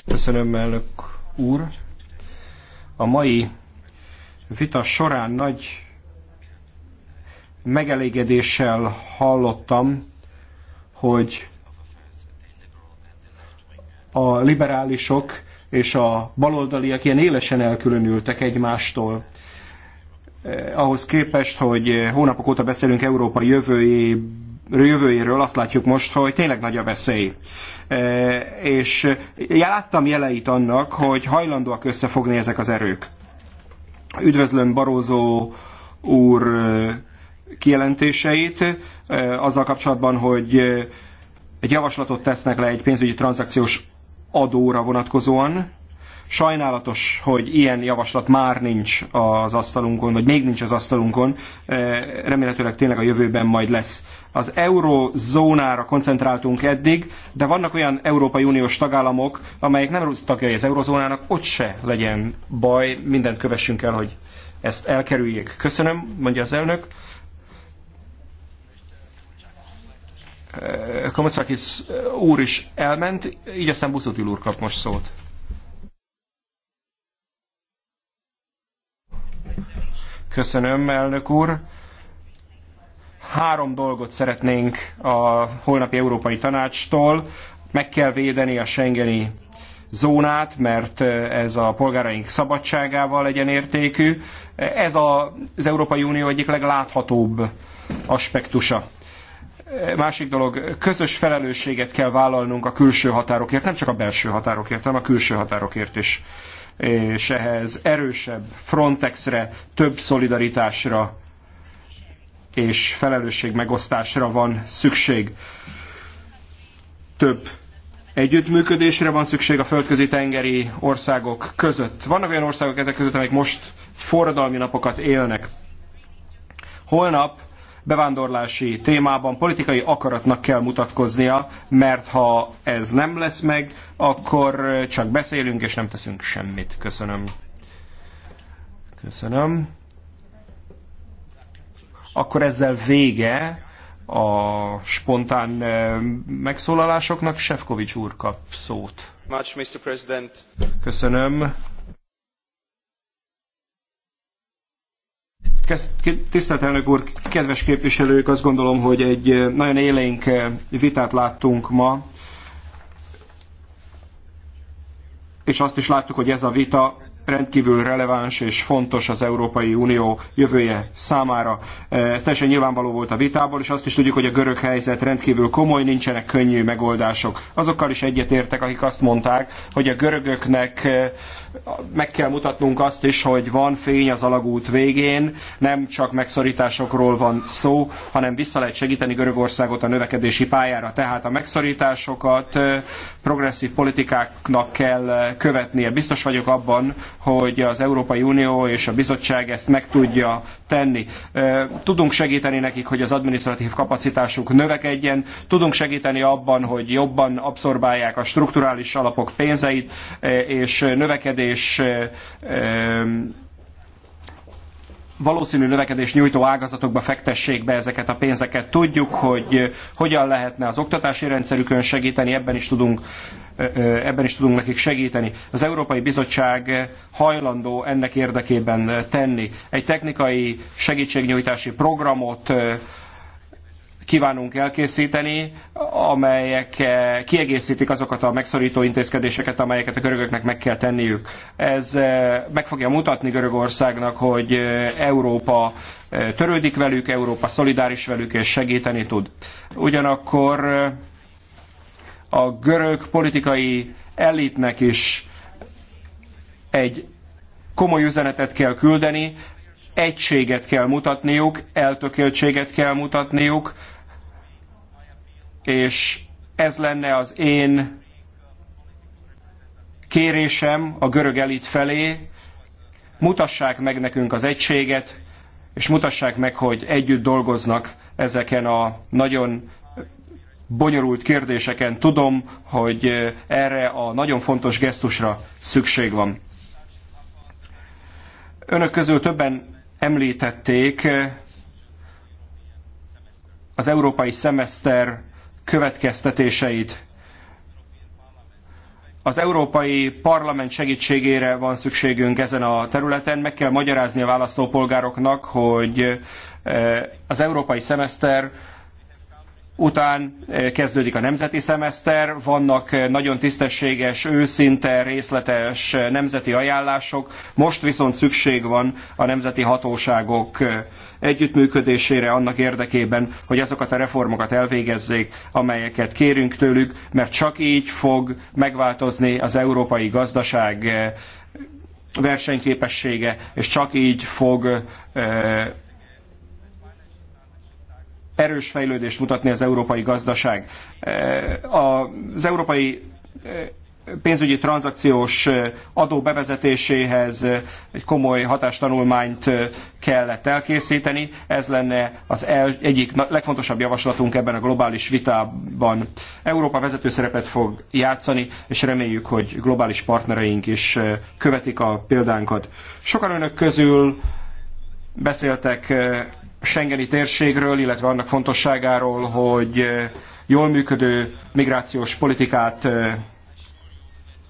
Köszönöm, elnök úr. A mai vita során nagy megelégedéssel hallottam, hogy a liberálisok és a baloldaliak ilyen élesen elkülönültek egymástól. Eh, ahhoz képest, hogy hónapok óta beszélünk Európa jövőjéről, jövőjéről azt látjuk most, hogy tényleg nagy a veszély. E, és láttam jeleit annak, hogy hajlandóak összefogni ezek az erők. Üdvözlöm Barózó úr e, kijelentéseit e, azzal kapcsolatban, hogy egy javaslatot tesznek le egy pénzügyi tranzakciós adóra vonatkozóan, Sajnálatos, hogy ilyen javaslat már nincs az asztalunkon, vagy még nincs az asztalunkon. Remélhetőleg tényleg a jövőben majd lesz. Az eurozónára koncentráltunk eddig, de vannak olyan Európai Uniós tagállamok, amelyek nem tagjai az eurozónának, ott se legyen baj, mindent kövessünk el, hogy ezt elkerüljék. Köszönöm, mondja az elnök. Komocakis úr is elment, így aztán Buszotil úr kap most szót. Köszönöm, elnök úr. Három dolgot szeretnénk a holnapi Európai Tanácstól. Meg kell védeni a Schengeni zónát, mert ez a polgáraink szabadságával egyenértékű. Ez a, az Európai Unió egyik legláthatóbb aspektusa. Másik dolog, közös felelősséget kell vállalnunk a külső határokért, nem csak a belső határokért, hanem a külső határokért is és ehhez erősebb Frontexre, több szolidaritásra és felelősségmegosztásra van szükség. Több együttműködésre van szükség a földközi tengeri országok között. Vannak olyan országok ezek között, amelyek most forradalmi napokat élnek. Holnap bevándorlási témában politikai akaratnak kell mutatkoznia, mert ha ez nem lesz meg, akkor csak beszélünk és nem teszünk semmit. Köszönöm. Köszönöm. Akkor ezzel vége a spontán megszólalásoknak. Sefkovics úr kap szót. Köszönöm. Tisztelt elnök úr, kedves képviselők, azt gondolom, hogy egy nagyon élénk vitát láttunk ma, és azt is láttuk, hogy ez a vita rendkívül releváns és fontos az Európai Unió jövője számára. E, ez teljesen nyilvánvaló volt a vitából, és azt is tudjuk, hogy a görög helyzet rendkívül komoly, nincsenek könnyű megoldások. Azokkal is egyetértek, akik azt mondták, hogy a görögöknek e, meg kell mutatnunk azt is, hogy van fény az alagút végén, nem csak megszorításokról van szó, hanem vissza lehet segíteni Görögországot a növekedési pályára. Tehát a megszorításokat e, progresszív politikáknak kell követnie. Biztos vagyok abban, hogy az Európai Unió és a bizottság ezt meg tudja tenni. Tudunk segíteni nekik, hogy az administratív kapacitásuk növekedjen, tudunk segíteni abban, hogy jobban abszorbálják a strukturális alapok pénzeit, és növekedés valószínű növekedés nyújtó ágazatokba fektessék be ezeket a pénzeket. Tudjuk, hogy hogyan lehetne az oktatási rendszerükön segíteni, ebben is tudunk ebben is tudunk nekik segíteni. Az Európai Bizottság hajlandó ennek érdekében tenni. Egy technikai segítségnyújtási programot kívánunk elkészíteni, amelyek eh, kiegészítik azokat a megszorító intézkedéseket, amelyeket a görögöknek meg kell tenniük. Ez eh, meg fogja mutatni Görögországnak, hogy eh, Európa törődik velük, Európa szolidáris velük és segíteni tud. Ugyanakkor a görög politikai elitnek is egy komoly üzenetet kell küldeni, egységet kell mutatniuk, eltökéltséget kell mutatniuk, és ez lenne az én kérésem a görög elit felé, mutassák meg nekünk az egységet, és mutassák meg, hogy együtt dolgoznak ezeken a nagyon bonyolult kérdéseken. Tudom, hogy erre a nagyon fontos gesztusra szükség van. Önök közül többen említették az európai szemeszter következtetéseit. Az Európai Parlament segítségére van szükségünk ezen a területen. Meg kell magyarázni a választópolgároknak, hogy eh, az európai szemeszter után eh, kezdődik a nemzeti szemeszter, vannak eh, nagyon tisztességes, őszinte, részletes eh, nemzeti ajánlások, most viszont szükség van a nemzeti hatóságok együttműködésére annak érdekében, hogy azokat a reformokat elvégezzék, amelyeket kérünk tőlük, mert csak így fog megváltozni az európai gazdaság versenyképessége, és csak így fog erős fejlődést mutatni az európai gazdaság. Eh, az európai eh, pénzügyi tranzakciós eh, adó bevezetéséhez egy komoly hatástanulmányt kellett elkészíteni. Ez lenne az egyik legfontosabb javaslatunk ebben a globális vitában. Európa vezető szerepet fog játszani, és reméljük, hogy globális partnereink is követik a példánkat. Sokan önök közül Beszéltek Schengeni térségről, illetve annak fontosságáról, hogy jól működő migrációs politikát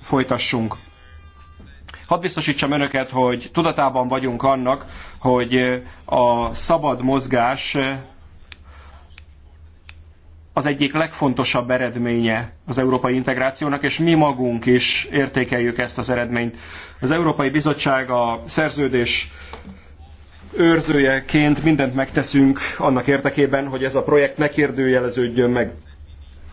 folytassunk. Hadd biztosítsam önöket, hogy tudatában vagyunk annak, hogy a szabad mozgás az egyik legfontosabb eredménye az európai integrációnak, és mi magunk is értékeljük ezt az eredményt. Az Európai Bizottság a szerződés őrzőjeként mindent megteszünk annak érdekében, hogy ez a projekt ne kérdőjeleződjön meg.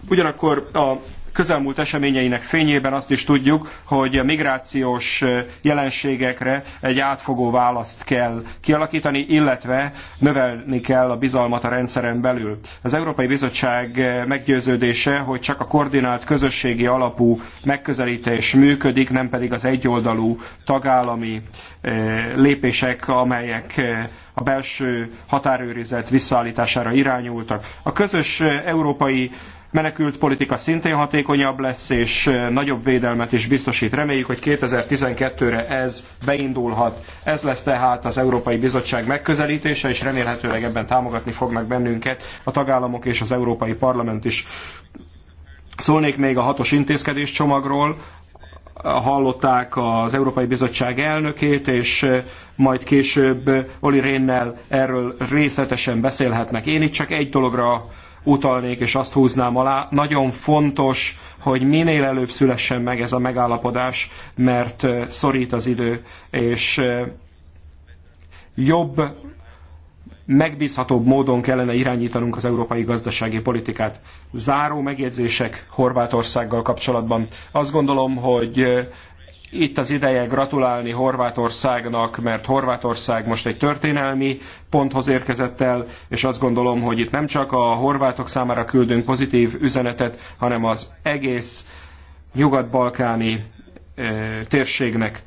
Ugyanakkor a közelmúlt eseményeinek fényében azt is tudjuk, hogy a migrációs jelenségekre egy átfogó választ kell kialakítani, illetve növelni kell a bizalmat a rendszeren belül. Az Európai Bizottság meggyőződése, hogy csak a koordinált közösségi alapú megközelítés működik, nem pedig az egyoldalú tagállami lépések, amelyek a belső határőrizet visszaállítására irányultak. A közös európai menekült politika szintén hatékonyabb lesz, és nagyobb védelmet is biztosít. Reméljük, hogy 2012-re ez beindulhat. Ez lesz tehát az Európai Bizottság megközelítése, és remélhetőleg ebben támogatni fognak bennünket a tagállamok és az Európai Parlament is. Szólnék még a hatos intézkedés csomagról, hallották az Európai Bizottság elnökét, és majd később Oli Rénnel erről részletesen beszélhetnek. Én itt csak egy dologra utalnék, és azt húznám alá. Nagyon fontos, hogy minél előbb szülessen meg ez a megállapodás, mert szorít az idő, és jobb, megbízhatóbb módon kellene irányítanunk az európai gazdasági politikát. Záró megjegyzések Horvátországgal kapcsolatban. Azt gondolom, hogy itt az ideje gratulálni Horvátországnak, mert Horvátország most egy történelmi ponthoz érkezett el, és azt gondolom, hogy itt nem csak a horvátok számára küldünk pozitív üzenetet, hanem az egész nyugat-balkáni térségnek.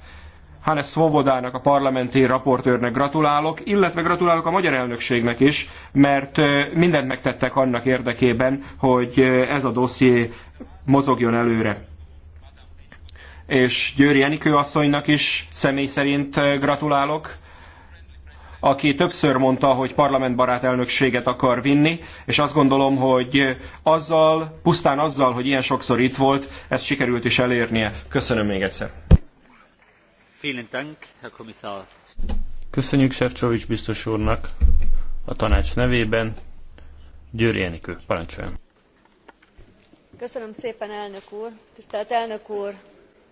Hannes Svobodának, a parlamenti raportőrnek gratulálok, illetve gratulálok a magyar elnökségnek is, mert mindent megtettek annak érdekében, hogy ez a dosszié mozogjon előre és Győri Enikő asszonynak is személy szerint gratulálok, aki többször mondta, hogy parlamentbarát elnökséget akar vinni, és azt gondolom, hogy azzal, pusztán azzal, hogy ilyen sokszor itt volt, ezt sikerült is elérnie. Köszönöm még egyszer. Köszönjük Sefcsovics biztos úrnak a tanács nevében. Győri Enikő, parancsoljon. Köszönöm szépen, elnök úr. Tisztelt elnök úr,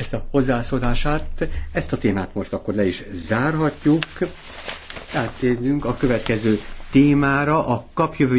ezt a hozzászólását, ezt a témát most akkor le is zárhatjuk. Áttérünk a következő témára, a kapjövője